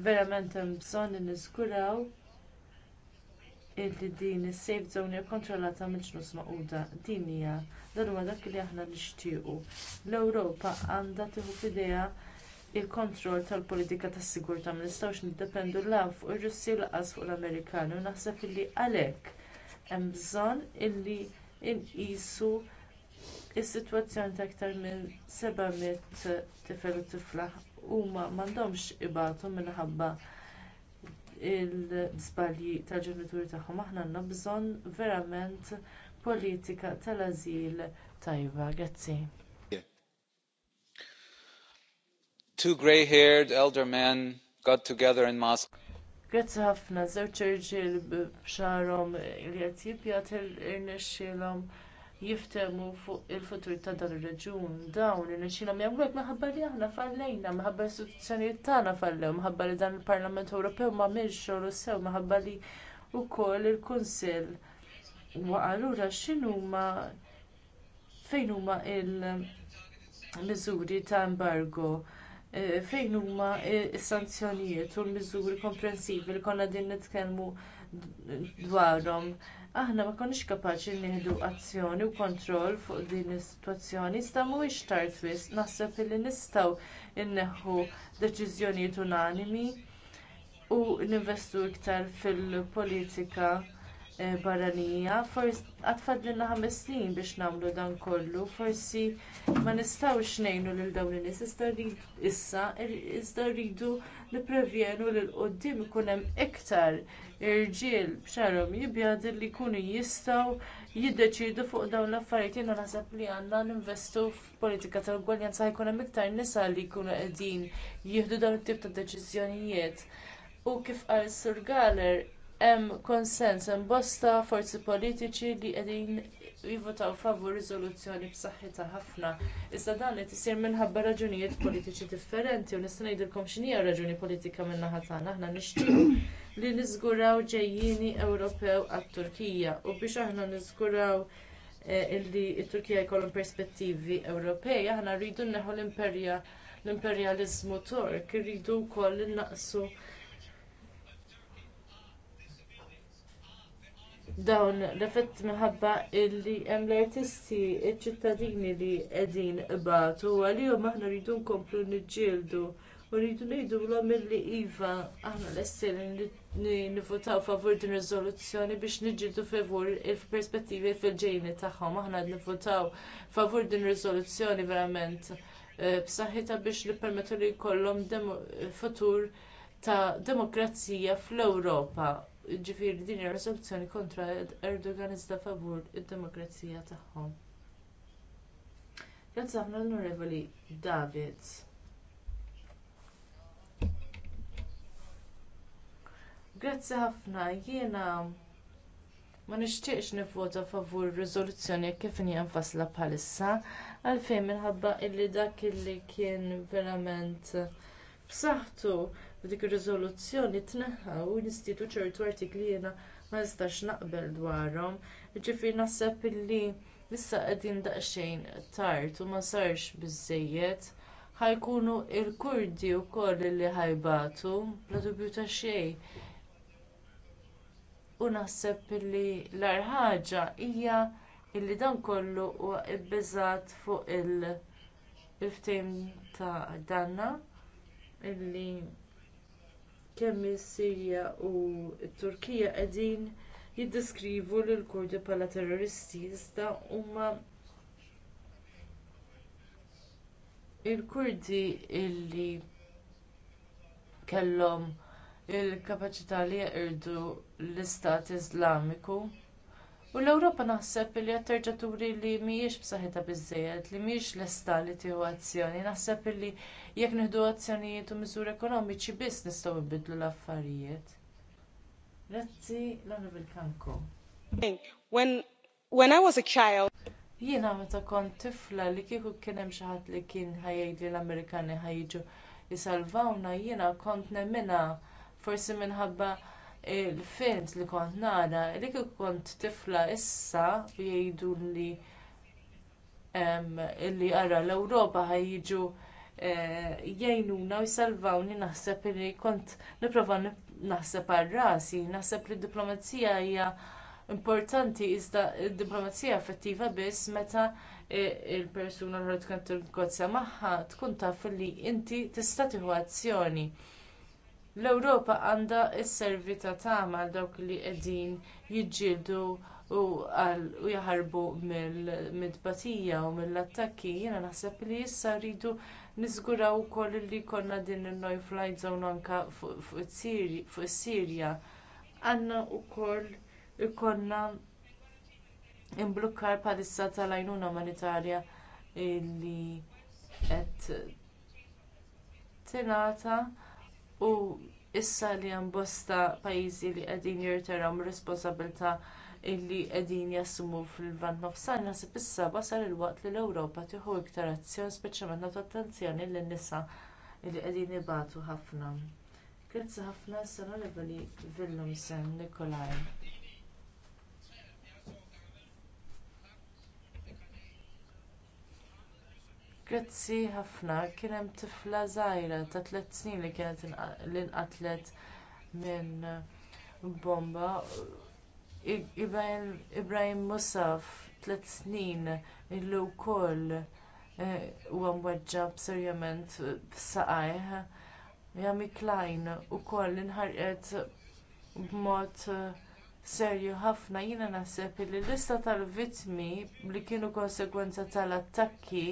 verament hemm bżonn li niżguraw illi din is-safe zone hija kkontrollata mill-ġnus magħquda din hija dan huwa dak li aħna nixtiequ l-ewropa għandha tieħu f'idejha l kontroll tal-politika tas-sigurtà ma nistgħux niddependu l fuq ir-Russi lanqas fuq l-Amerikani u naħseb illi għalhekk hemm bżonn illi nqisu s-sitwazzjoni ta' aktar minn 700 tifel u tifla huma m'għandhomx ibatu minħabba l-iżbalji tal-ġenituri tagħhom aħna għandna bżonn verament politika tal-ażil tajba grazzi Two gray-haired elder men got together in Moscow. Grazzi ħafna, żewġ irġiel b'xarhom li qed jibjatel irnexxielhom jiftemu fuq il-futur ta' dan ir-reġjun dawn il-ċina hawnhekk minħabba li aħna fallejna, minħabba l-istituzzjonijiet tagħna fallew, minħabba li dan il-Parlament Ewropew ma m'għamilx xogħol sew, minħabba li wkoll il-Kunsill waqa' allura x'inhuma fejn huma l miżuri ta' embargo e, fejn huma s-sanzjonijiet u l-miżuri komprensivi li konna din nitkellmu dwarhom aħna ma konniex kapaċi nieħdu azzjoni u kontroll fuq din is-sitwazzjoni iżda mhuwiex tard wisq naħseb li nistgħu inneħħu deċiżjonijiet unanimi u ninvestu iktar fil-politika eh, barranija għad fadlilna ħames snin biex nagħmlu dan kollu forsi ma nistgħux ngħinu lil dawn in-nies issa iżda rridu nipprevjenu li quddiem ikun hemm iktar irġiel b'xarhom jibjad li jkunu jistgħu jiddeċiedu fuq dawn l-affarijiet jiena naħseb li għandna ninvestu f'politika tal-ugwaljanza jkun hemm iktar nisa li jkunu qegħdin jieħdu dawn it-tip ta' deċiżjonijiet. U kif qal Sur Galer hemm konsens hemm bosta forzi politiċi li qegħdin jivvotaw favur riżoluzzjoni b'saħħitha ħafna. Iżda dan qed isir minħabba raġunijiet politiċi differenti u nista' ngħidilkom x'inhi raġuni politika min-naħa tagħna aħna nixtiequ li niżguraw ġejjieni Ewropew għat-Turkija u biex aħna niżguraw eh, illi t-Turkija jkollhom perspettivi Ewropej aħna rridu nneħħu l-imperja l-imperjaliżmu Tork, irridu wkoll innaqsu dawn l-effett minħabba li hemm l-artisti ċ-ċittadini li qegħdin ibatu u għalihom aħna rridu nkomplu niġġieldu u rridu ngħidulhom illi iva aħna lesti li nivvotaw favur din riżoluzzjoni biex niġġieldu favur il-perspettivi fil-ġejni tagħhom aħna qed nivvotaw favur din riżoluzzjoni verament eh, b'saħħitha biex nippermettu li jkollhom futur ta' demokrazija fl-Ewropa ġifiri din ir riżoluzzjoni kontra Erdogan iżda favur id-demokrazija tagħhom. Grazzi ħafna l-Onorevoli Davids. Grazzi ħafna jiena ma nixtieqx nivvota favur riżoluzzjoni kif hija nfassla bħalissa għalfejn minħabba illi dak illi kien verament b'saħħtu dik ir-riżoluzzjoni tneħħaw nistitu ċertu artikli jiena ma nistax naqbel dwarhom. Jiġifieri naħseb illi issa qegħdin daqsxejn tard u ma sarx biżżejjed ħajkunu l-Kurdi wkoll li ħajbatu bla dubju ta' xejn. U naħseb illi l-ar ħaġa hija illi dan kollu huwa bbiżgħat fuq il-ftehim ta' danna illi kemm is-Sirja u t-Turkija qegħdin jiddeskrivu lil kurdi bħala terroristi iżda huma il-kurdi illi kellhom il-kapaċità li jeqirdu l-istat iżlamiku u l-ewropa naħseb li qed terġa' turi li mhijiex b'saħħitha biżżejjed li mhijiex lesta li tieħu azzjoni naħseb illi jekk nieħdu azzjonijiet u miżuri ekonomiċi biss nistgħu nbiddlu l-affarijiet. Grazzi l Kanko. When, I was a child. Jiena meta kont tifla li kieku kien hemm xi ħadd li kien ħajjgħid l-Amerikani ħajġu jisalvawna jiena kont nemmena forsi minħabba il fint li kont nara li kieku kont tifla issa jgħidu li illi ara l-Ewropa ħajjiġu Eh, jgħinuna u jsalvawni naħseb li kont nipprova naħseb għal rasi, naħseb li d-diplomazija hija importanti iżda d-diplomazija effettiva biss meta eh, l persuna li tkun tinnegozja magħha tkun taf li inti tista' tieħu azzjoni. L-Ewropa għandha s servita ta' tagħmal dawk li qegħdin jiġġieldu u jaħarbu mill-tbatija u mill-attakki, jiena naħseb li issa rridu niżguraw ukoll li jkollna din il-Noj fly zone anke fuq is-Sirja. Għandna wkoll ikollna imblukkar bħalissa tal-għajnuna umanitarja li qed tingħata u issa li hemm bosta pajjiżi li qegħdin jirtiraw mir-responsabbiltà illi qegħdin jassumu fil-lvant nofsani naħseb issa wasal il-waqt li l-ewropa tieħu iktar azzjoni speċjalment nagħtu attenzjoni lin-nisa li qegħdin ibatu ħafna. Grazzi ħafna s-onorevoli Villum Sen Nikolaj. Grazzi ħafna kien hemm tifla żgħira ta' tliet snin li kienet li nqatlet minn bomba Ibrahim Musaf, tliet snin, illu wkoll eh, huwa mweġġab serjament b'saqajh. Jami ukoll inħarqet b'mod eh, serju ħafna jiena naħseb li l-lista tal-vittmi li kienu konsegwenza tal-attakki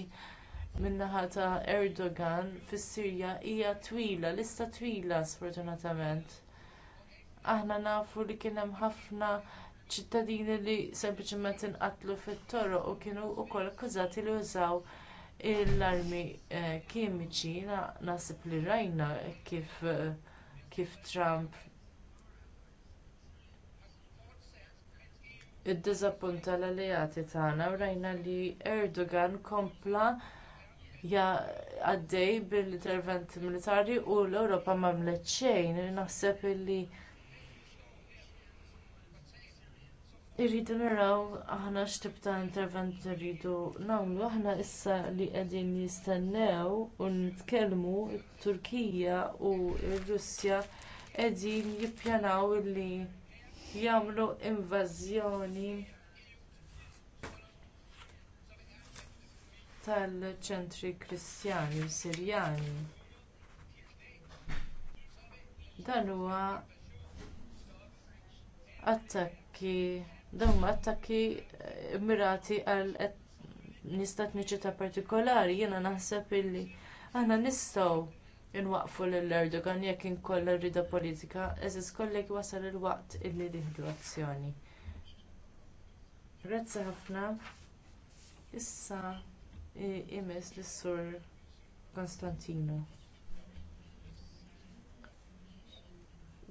min-naħa ta' Erdogan fis-Sirja hija twila, lista twila sfortunatament aħna nafu li kien hemm ħafna ċittadini li sempliċement inqatlu fit-toroq u kienu wkoll akkużati li użaw l-armi eh, kimiċi naħseb li rajna eh, kif Trump iddiżappunta l-alleati tagħna u rajna li Erdogan kompla għaddej bil interventi militari u l-Ewropa m'għamlet xejn naħseb li irridu naraw aħna x'tib ta' intervent irridu nagħmlu aħna issa li qegħdin jistennew u nitkellmu t-Turkija u r-Russja qegħdin jippjanaw li jagħmlu invażjoni tal-ċentri Kristjani u Sirjani. Dan huwa attakki dawn huma attakki eh, mirati għal nies ta' partikolari jiena naħseb illi aħna nistgħu inwaqfu lil erdogan jekk inkollha rrida politika eżis kollegi wasal il-waqt illi nieħdu azzjoni grazzi ħafna issa imes lis-sur Konstantino.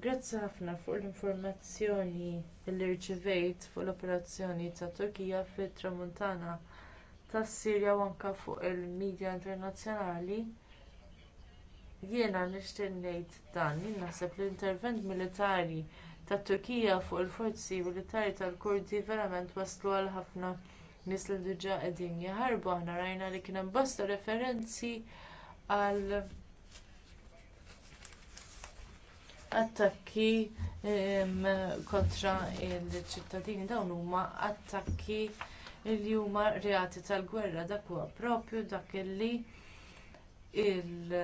Grazzi ħafna fuq l-informazzjoni li rċevejt fuq l-operazzjoni ta' Turkija fit-Tramuntana tas-Sirja u anke fuq il-midja internazzjonali. Jiena nixtieq ngħid dan li naħseb li l-intervent militari tat Turkija fuq il-forzi militari tal-Kurdi verament waslu għal ħafna nies li diġà qegħdin jaħarbu aħna rajna li kien hemm bosta referenzi għal attakki kontra il-ċittadini dawn huma attakki li huma reati tal-gwerra dak huwa proprju dak li il-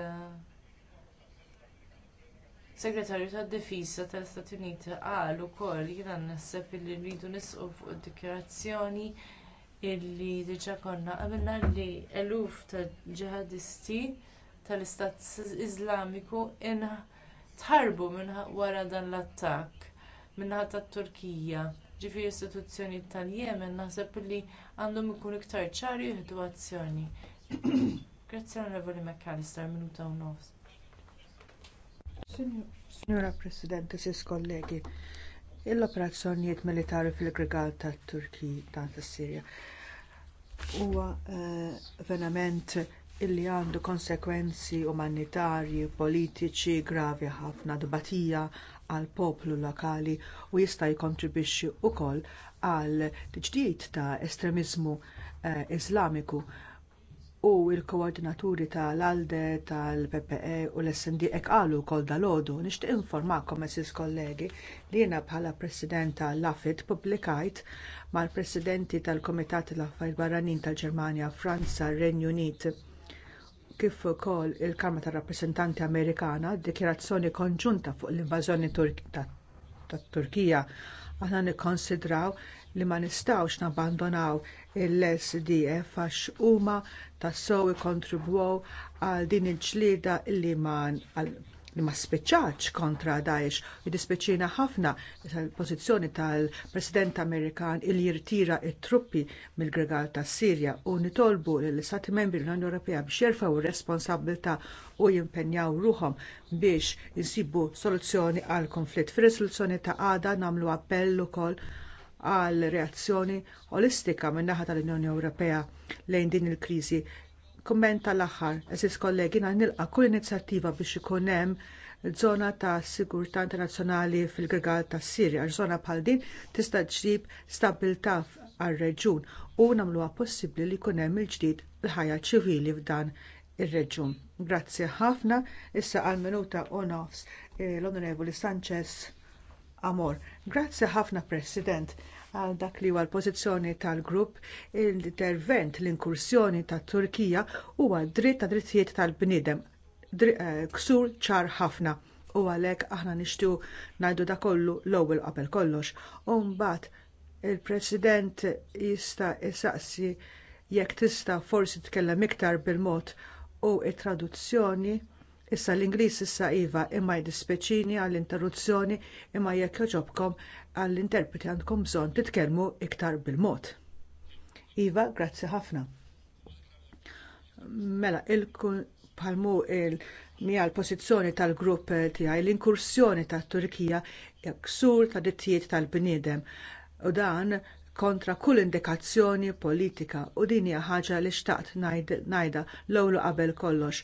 segretarju tad-difiża tal-istati uniti qal ukoll jiena naħseb li rridu nisqu fuq id-dikjarazzjoni illi diġà konna għamilna li eluf ta' ġihadisti tal-istat iżlamiku inħ tħarbu minn wara dan l-attakk min-naħa tat-turkija ġifieri l tal-yemen naħseb li għandhom ikunu iktar ċari jieħdu azzjoni grazzi onorevoli mcallister minuta u nofs Signora Presidente, sis kollegi, l-operazzjonijiet militari fil-Grigal tat turkija ta' Sirja huwa eh, verament illi għandu konsegwenzi umanitarji, politiċi gravi ħafna dbatija għall poplu lokali u jista' jikkontribwixxi wkoll għal tiġdid ta' estremiżmu eh, Iżlamiku e u l koordinaturi tal-ALDE tal-PPE u l-SND ek qalu wkoll dal-ħodu nixtieq informakom eżis kollegi li jiena bħala president tal-AFID publikajt mal-presidenti tal-Komitati l-Affarijiet Barranin tal-Ġermanja, Franza, Renju Unit, kif ukoll il-Kamra tar-Rappreżentanti Amerikana dikjarazzjoni konġunta fuq l-invażjoni tat-Turkija aħna nikkonsidraw li ma nistgħux nabbandonaw il-SDF għax huma tassew ikkontribwew għal din il-ġlieda li ma li ma spiċċax kontra Daesh. dispeċina ħafna il-pożizzjoni tal-President Amerikan il jirtira t truppi mill-Gregal tas Sirja u nitolbu l istati membri l-Unjoni Ewropea biex jerfaw r-responsabilità u jimpenjaw ruhom biex insibu soluzzjoni għall konflitt. Fir-risoluzzjoni ta' għada nagħmlu appell ukoll għal reazzjoni olistika min-naħa tal-Unjoni Ewropea lejn din il-kriżi Kumment tal-aħħar, eżis kollegi, na nilqa kull inizjattiva biex ikun hemm żona ta' sigurtà internazzjonali fil-gregal tas Sirja, żona bħal din tista' ġrib stabbiltà għar-reġjun u nagħmluha possibbli li jkun hemm il-ġdid l ħajja ċivili f'dan ir-reġjun. Grazzi ħafna, issa għall minuta u nofs eh, l-Onorevoli Sanchez Amor. Grazzi ħafna, President għal dak li huwa l-pożizzjoni tal-grupp l-intervent l-inkursjoni tat Turkija huwa dritt ta' drittijiet tal-bniedem eh, ksur ċar ħafna u għalhekk aħna nixtu ngħidu da kollu l-ewwel qabel kollox. U mbagħad il-President jista' jsaqsi jekk tista' forsi tkellem iktar bil-mod u t traduzzjoni Issa l-Ingliż issa iva imma jdispeċini għall-interruzzjoni imma jekk joġobkom għall-interpreti għandkom bżonn titkellmu iktar bil-mod. Iva, grazzi ħafna. Mela, palmu il mija l-pożizzjoni tal-grupp tiegħi l-inkursjoni tat-Turkija ksur ta' dittijiet tal-bniedem u dan kontra kull indikazzjoni politika u din hija ħaġa li xtaqt ngħidha l qabel kollox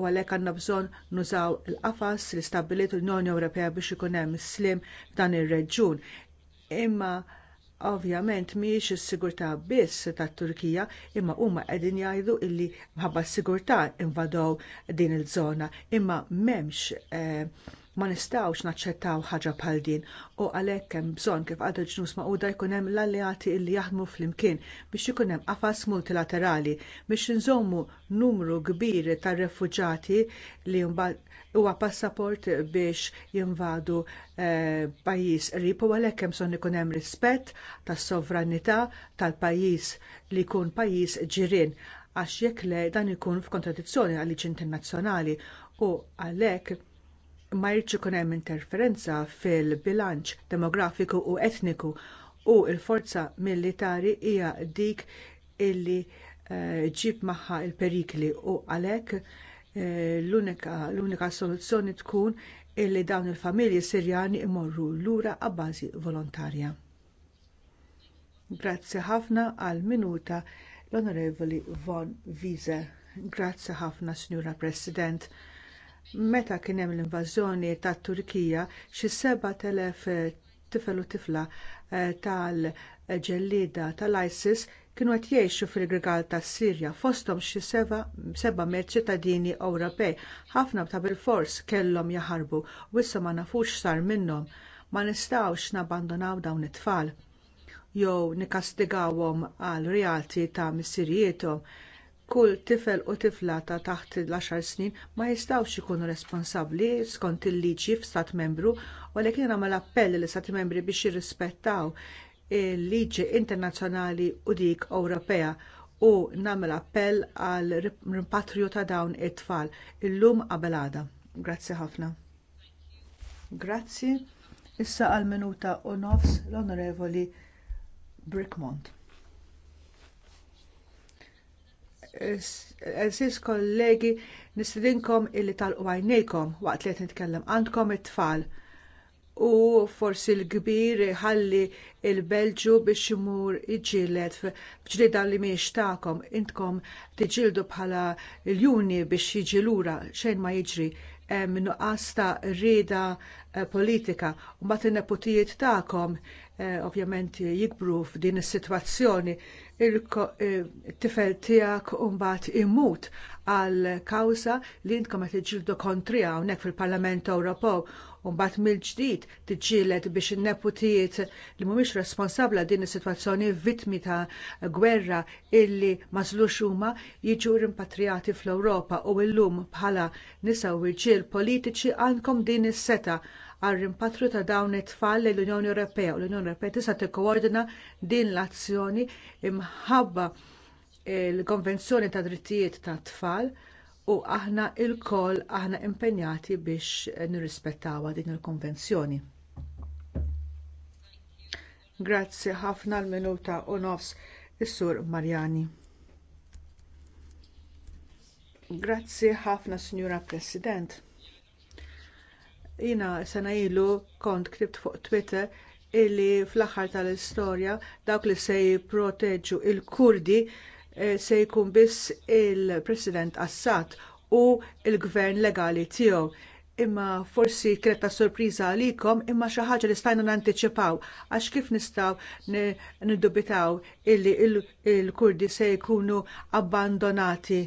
u għalhekk għandna bżonn nużaw il-qafas li stabbilitu l-Unjoni Ewropea biex ikun hemm slim f'dan ir-reġjun. Imma ovvjament mhijiex is-sigurtà biss tat-Turkija imma huma qegħdin jgħidu li minħabba s-sigurtà invadew din il-żona imma m'hemmx eh, Ma nistgħux naċċettaw ħaġa bħal din u għalhekk hemm bżonn kif għadha ġnus maquda jkun hemm l-alleati li jaħdmu flimkien biex ikun hemm qafas multilaterali biex inżommu numru kbir ta' refuġati li mbagħad huwa passaport biex jinvadu eh, pajjiż qrib u għalhekk hemm bżonn ikun hemm rispett tas-sovranità tal-pajjiż li jkun pajjiż ġirien għax jekk le dan ikun f'kontradizzjoni għal liġi internazzjonali u għalhekk ma jirċi hemm interferenza fil-bilanċ demografiku u etniku u l-forza militari hija dik illi eh, ġib magħha l perikli u għalhekk eh, l-unika soluzzjoni tkun illi dawn il-familji Sirjani imorru lura bażi volontarja. Grazzi ħafna għal minuta l-Onorevoli Von Wiese. Grazzi ħafna, Signora President. Meta kien hemm l-invażjoni tat Turkija, xi 7000 eh, tifel u tifla eh, tal-ġellieda tal-ISIS kienu qed jgħixu fil-grigal tas-Sirja fosthom xi seba' ċittadini Ewropej. Ħafna ta' bil-fors kellhom jaħarbu u issa ma nafux sar minnhom. Ma nistgħux nabbandonaw dawn it-tfal jew nikastigawhom għal realti ta' missiriethom kull tifel u tifla ta' taħt l-10 snin ma jistgħux ikunu responsabbli skont il-liġi f'stat membru għalhekk jien nagħmel appell li stati membri biex jirrispettaw il-liġi internazzjonali u dik Ewropea u nagħmel appell għal rimpatriju ta' dawn it-tfal illum qabel għada. Grazzi ħafna. Grazzi. Issa għal minuta u nofs l-Onorevoli Brickmont. Eżis kollegi nistidinkom illi talqu għajnejkom waqt li qed nitkellem għandkom it-tfal u forsi l-kbir ħalli l belġu biex imur iġieled f'ġlida li miex tagħkom intkom tiġildu bħala l-juni biex jiġi lura xejn ma jiġri hemm nuqqas ta' rieda eh, politika u mbagħad in-nepotijiet tagħkom eh, ovvjament jikbru f'din is-sitwazzjoni il-tifel tiegħek u imut għal kawża li intkom qed iġildu kontrija hawnhekk fil-Parlament Ewropew u mbagħad mill-ġdid tiġġieled biex in-neputijiet li mhumiex responsabbli din is-sitwazzjoni vittmi ta' gwerra illi mażlux huma jiġu rimpatrijati fl-Ewropa u llum bħala nisa u politiċi għandkom din is-seta' għal rimpatru ta' dawn it-tfal lejn l-Unjoni Ewropea. L-Unjoni Ewropea tista' tikkoordina din l-azzjoni imħabba l-Konvenzjoni ta' Drittijiet tat Tfal u aħna lkoll aħna impenjati biex nirrispettawha din il-konvenzjoni. Grazzi ħafna l-minuta u nofs is-sur Marjani. Grazzi ħafna, Signora President. Jiena sena ilu kont kript fuq Twitter illi fl aħħar tal istorja dawk li se jipproteġu l kurdi eh, se jkun biss il-President Assad u l gvern legali tiegħu imma forsi kienet ta' sorpriża għalikom imma xi ħaġa li stajna nantiċipaw għax kif nistgħu niddubitaw illi l il kurdi se jkunu abbandonati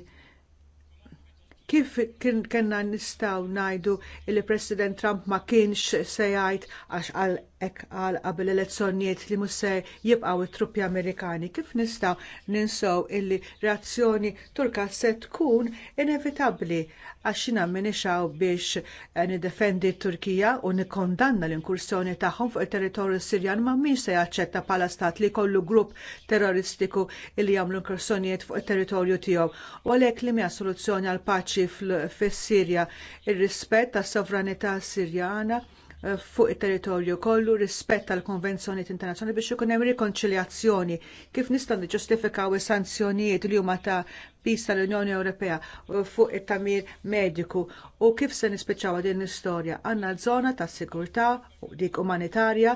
kif kena nistaw najdu li President Trump ma kienx se jgħid għax għal ek għal qabel elezzjonijiet li mhux se it-truppi Amerikani, kif nistaw ninsow illi reazzjoni Turka se tkun inevitabbli għax jina minixaw biex eh, nidefendi t Turkija u nikkondanna l-inkursjoni tagħhom fuq it-territorju Sirjan ma min se jaċċetta bħala stat li jkollu grupp terroristiku li jagħmlu inkursjonijiet fuq it-territorju tiegħu. U għalhekk li mija soluzzjoni għal paċi paċi fis-Sirja, ir-rispett tas-sovranità Sirjana eh, fuq it-territorju kollu rispett tal konvenzjonijiet internazzjonali biex ikun hemm rikonċiljazzjoni. Kif nistgħu niġġustifikaw is-sanzjonijiet li huma ta' pis tal-Unjoni Ewropea fuq it-tamir mediku u kif se nispiċċaw din l-istorja. Għandna żona ta' sigurtà u dik umanitarja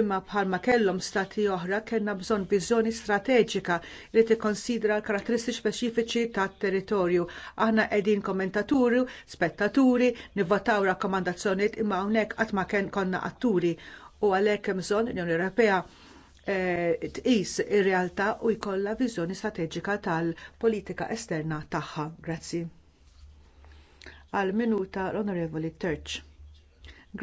imma bħalma kellhom stati oħra kellna bżonn viżjoni strateġika li tikkonsidra l-karatteristiċi speċifiċi tat-territorju. Aħna qegħdin kommentaturi, spettaturi, nivvotaw rakkomandazzjonijiet imma hawnhekk qatt ma kien konna atturi u għalhekk hemm bżonn l-Unjoni Ewropea Eh, tqis ir-realtà u jkollha viżjoni strateġika tal-politika esterna tagħha. Grazzi. Għal minuta l-Onorevoli Terċ.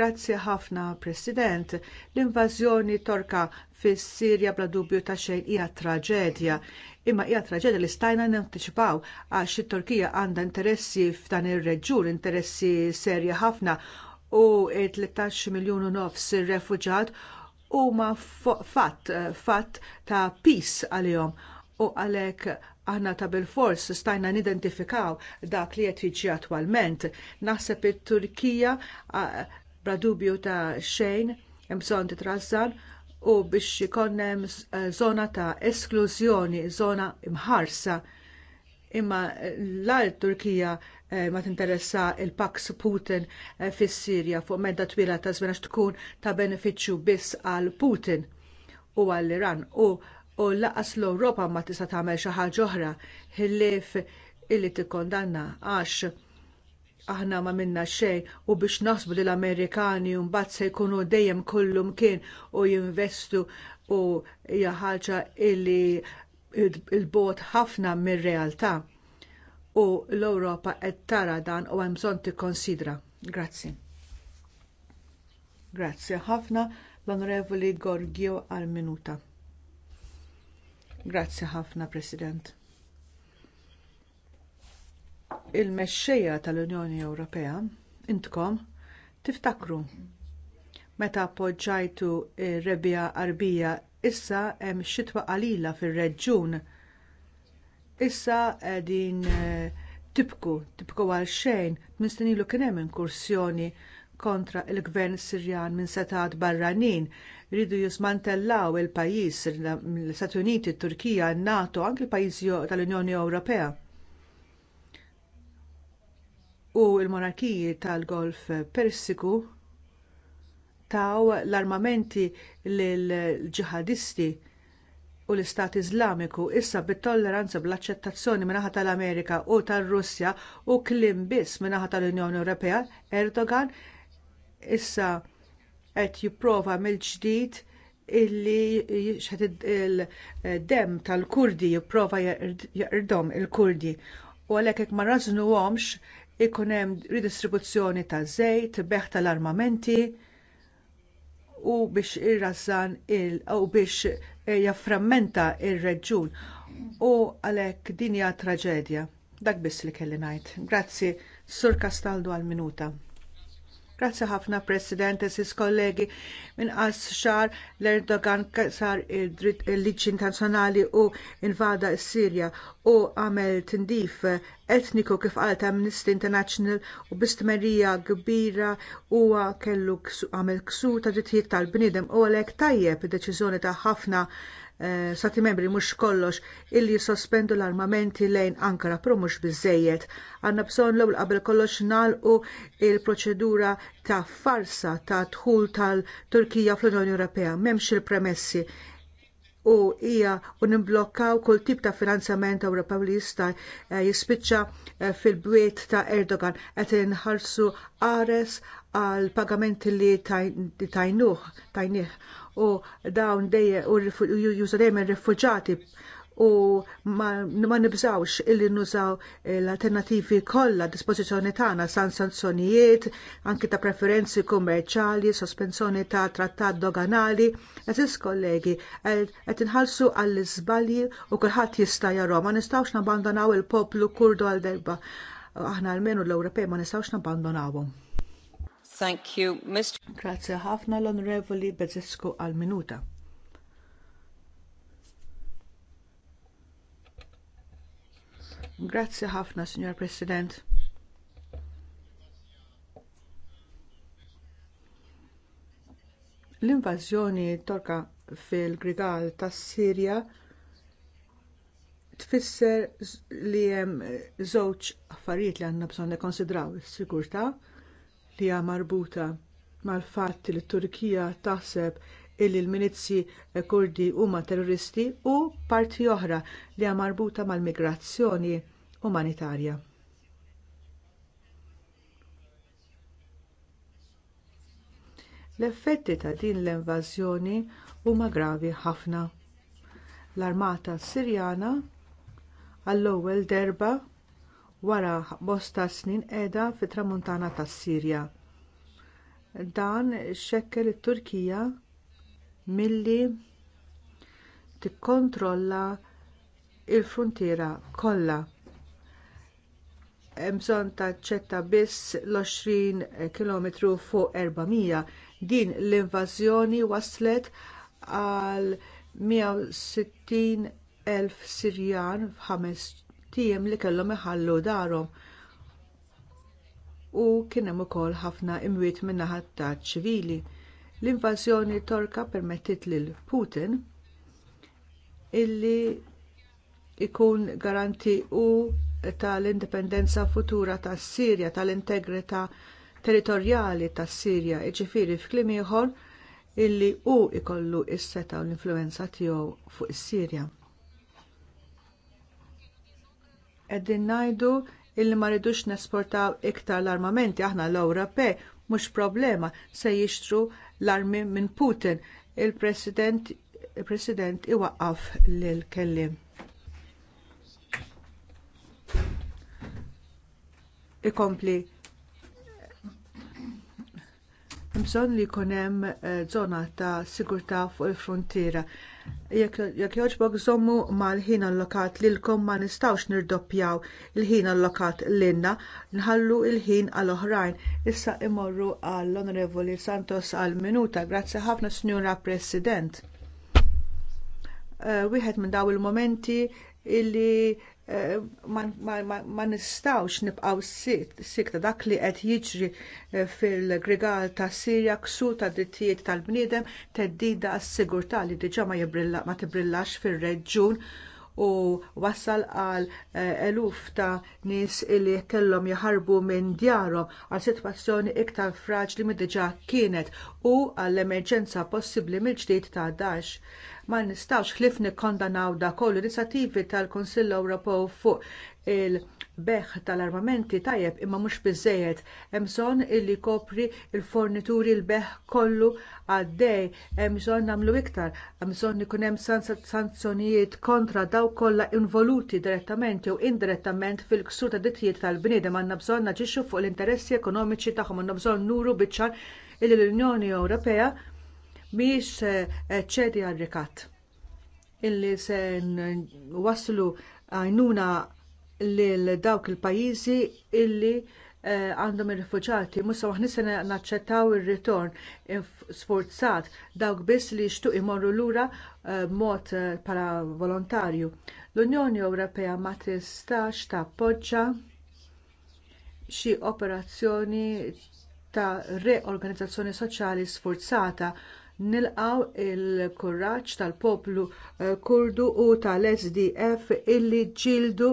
Grazzi ħafna, President. L-invażjoni torka fis-Sirja bla dubju ta' xejn hija traġedja imma hija traġedja li stajna nanticipaw għax it-Turkija għandha interessi f'dan ir-reġjun, interessi serji ħafna u 13 miljun u nofs refuġat huma fatt eh, fatt ta' peace għalihom u għalhekk aħna ta' bilfors stajna nidentifikaw dak li qed jiġi attwalment. Naħseb it-Turkija bla dubju ta' xejn hemm bżonn titrażżan u biex ikonnem hemm żona eh, ta' esklużjoni, żona imħarsa. Imma l-għal Turkija Eh, ma tinteressa il-Pax Putin eh, fis-Sirja fuq medda twila ta' żmien għax tkun ta' benefiċċju biss għal Putin u għall iran u u laqas l-Ewropa ma tista' tagħmel xi ħaġa oħra ħillief illi tikkondanna għax aħna ma minna xejn u biex naħsbu li l-Amerikani mbagħad se jkunu dejjem kullum kien u jinvestu u hija ħaġa illi il-bot ħafna mir-realtà u l-Ewropa qed tara dan u hemm bżonn tikkonsidra. Grazzi. Grazzi ħafna l-Onorevoli Gorgio għal minuta. Grazzi ħafna, President. Il-mexxejja tal-Unjoni Ewropea intkom tiftakru meta appoġġajtu r rebija qarbija issa hemm xitwa qalila fir-reġjun issa qegħdin eh, tibku, tibku għal xejn, mistenilu kien hemm inkursjoni kontra l gvern Sirjan minn setat barranin jridu jismantellaw il-pajjiż l-Istati Uniti, t Turkija, n-NATO, anki l-pajjiżi tal-Unjoni Ewropea. U l monarkiji tal-Golf Persiku taw l-armamenti lill ġihadisti u l-Istat Iżlamiku issa bit-tolleranza bl-aċċettazzjoni min-naħa tal-Amerika u tar-Russja u kliem biss min-naħa tal-Unjoni Ewropea, Erdogan issa qed jipprova mill-ġdid illi xħed il-dem tal-Kurdi jipprova jaqrdhom il-Kurdi u għalhekk hekk ma rażnuhomx ikun hemm ridistribuzzjoni taż żejt, beħ tal-armamenti, u biex irrażan il u biex Eh, jafframmenta r reġjun u għalhekk din hija traġedja. Dak biss li kelli ngħid. Grazzi, Sur Castaldo għal minuta. Grazzi ħafna President, sis kollegi, minn qas xar l-Erdogan sar il-liġi internazzjonali u invada s-Sirja u għamel tindif etniku kif qalt Amnesty International u bistmerija kbira huwa kellu għamel ksur ta' drittijiet tal-bniedem u għalhekk tajjeb id-deċiżjoni ta' ħafna Eh, stati membri mhux kollox illi jissospendu l-armamenti lejn Ankara pro mhux biżżejjed. Għandna bżonn l-ewwel qabel kollox nagħlqu l proċedura ta' farsa ta' dħul tal-Turkija fl-Unjoni Ewropea m'hemmx il-premessi u hija u nimblokkaw kull tip ta' finanzjament Ewropew li jista' eh, jispiċċa eh, fil-bwiet ta' Erdogan qed inħarsu ares għal pagamenti li tajnuh tajnih u dawn dejje u jużu dejjem ir-rifuġati u ma nibżawx illi nużaw eh, l-alternativi kollha dispożizzjoni tagħna san sanzjonijiet, anki ta' preferenzi kummerċali, sospensjoni ta' trattat doganali. Eżis kollegi, qed inħallsu għall iżbalji u kulħadd jista' jarhom, ma nistgħux nabbandonaw il-poplu kurdu għal darba. Aħna almenu l-Ewropej ma nistgħux nabbandonawhom. Thank you, Mr. Grazie ħafna l-Onorevoli Bezesku għal minuta. Grazzi ħafna, Signor President. L-invażjoni torka fil-Grigal tas Sirja tfisser li hemm żewġ affarijiet li għandna bżonn nikkonsidraw is-sigurtà li hija marbuta mal-fatt li t-Turkija taħseb illi l-milizzi kurdi huma terroristi u parti oħra li hija marbuta mal-migrazzjoni umanitarja. L-effetti ta' din l-invażjoni huma gravi ħafna. L-armata Sirjana għall-ewwel darba wara bosta snin qiegħda fit-tramuntana tas-Sirja. Dan xekkel it-Turkija milli tikkontrolla l fruntiera kollha hemm bżonn taċċetta biss l-20 km fuq 400. Din l-invażjoni waslet għal 160 elf Sirjan f'ħames tiem li kellhom iħallu darhom u kien hemm ukoll ħafna imwiet min-naħa ta' ċivili. L-invażjoni torka permettit lil Putin illi ikun garanti u tal-indipendenza futura tas-Sirja, tal-integrità territorjali tas-Sirja, jiġifieri f'kliem ieħor illi hu jkollu s-seta u l-influenza tiegħu fuq is-Sirja qegħdin ngħidu illi ma rridux nesportaw iktar l-armamenti aħna l-Ewropej mhux problema se jixtru l-armi minn Putin. Il-President il-President iwaqqaf lil kelliem. Ikompli bżonn li jkun hemm żona eh, ta' sigurtà fuq il-frontiera. Jekk jogħġbok żommu mal-ħin allokat lilkom ma nistgħux nirdoppjaw il-ħin allokat lilna, nħallu il ħin għal oħrajn. Issa imorru għall onorevoli Santos għal minuta. Grazzi ħafna Sinjura President. Eh, wieħed minn daw il-momenti illi ma nistawx nibqaw sikta dak li qed jiġri eh, fil-grigal ta' Sirja ksur ta' drittijiet tal-bniedem teddida għas-sigurtà li diġà ma tibrillax fir-reġjun u wassal għal eh, eluf ta' nies illi kellhom jaħarbu minn djarhom għal sitwazzjoni iktar fraġli mi diġà kienet u għall emerġenza possibbli mill-ġdid ta' Daesh ma nistgħux ħlif nikkondanaw da kollu l-inizjattivi tal-Kunsill Ewropew fuq il-beħ tal-armamenti tajjeb imma mhux biżżejjed hemm bżonn illi jkopri l fornituri l-beħ kollu għaddej hemm bżonn nagħmlu iktar hemm bżonn ikun hemm sanzjonijiet kontra dawk kollha involuti direttament jew indirettament fil-ksur ta' dittijiet tal-bniedem għandna bżonn naġixxu fuq l-interessi ekonomiċi tagħhom għandna bżonn nuru biċċa ċar illi l-Unjoni Ewropea mhijiex eh, ċedi għal rikat illi se waslu għajnuna lil dawk il-pajjiżi illi eh, għandhom ir-rifuġati musa waħni se naċċettaw ir-ritorn sforzat dawk biss li jixtuq imorru lura eh, b'mod bħala volontarju. L-Unjoni Ewropea ma tistax tappoġġja xi operazzjoni ta' reorganizzazzjoni soċjali sforzata nilqgħu il-kuraġġ tal-poplu eh, kurdu u tal-SDF illi ġildu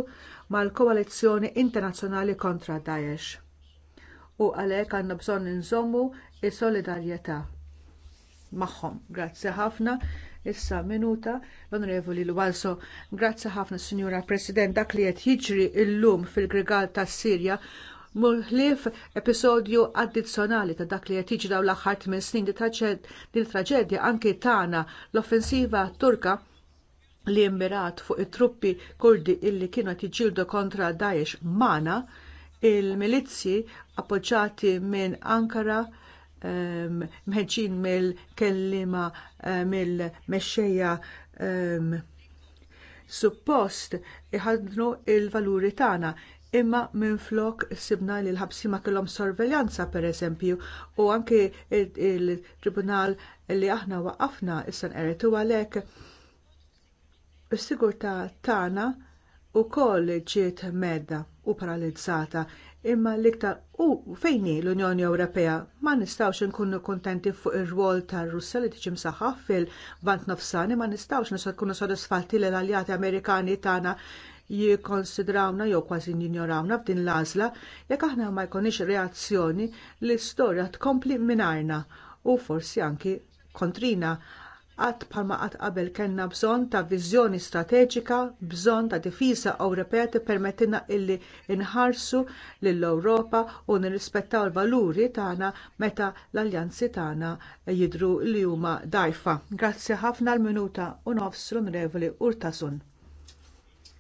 mal-koalizzjoni internazzjonali kontra Daesh. U għalhekk għandna bżonn ninżommu s solidarjetà magħhom. Grazzi ħafna. Issa minuta l-Onorevoli Lualso. Grazzi ħafna, Sinjura President, dak li qed jiġri llum fil-grigal tas-Sirja murħlif episodju addizzjonali ta' dak li qed jiġi dawn l-aħħar tmien snin din traġedja anke tagħna l-offensiva Turka li mmirat fuq it-truppi kurdi illi kienu qed jiġġieldu kontra Daesh mana il-milizzi appoġġjati minn Ankara ehm, mħeġġin mill kelliema eh, mill-mexxejja ehm, suppost iħadnu l valuri tagħna imma minflok sibna li l-ħabsima kellhom sorveljanza pereżempju u anke il-tribunal li aħna waqqafna issa nqeret u għalhekk is-sigurtà tagħna wkoll ġiet medda u paralizzata imma l-iktar u fejn hi l-Unjoni Ewropea ma nistgħux inkunu kuntenti fuq ir-rwol tar-Russja li tiġi msaħħa fil-Bant Nofsani ma nistgħux nkunu sodisfatti l-aljati Amerikani tagħna jikkonsidrawna jew kważi jinjorawna f'din l-għażla jekk aħna ma jkunix reazzjoni l-istorja tkompli mingħajrna u forsi anki kontrina Qatt bħalma qatt qabel kellna bżonn ta' viżjoni strateġika, bżonn ta' difiża Ewropea tippermettilna illi inħarsu lill-Ewropa u nirrispettaw il-valuri tagħna meta l-aljanzi tagħna jidhru li huma dgħajfa. Grazzi ħafna l-minuta u nofsru l Urtasun.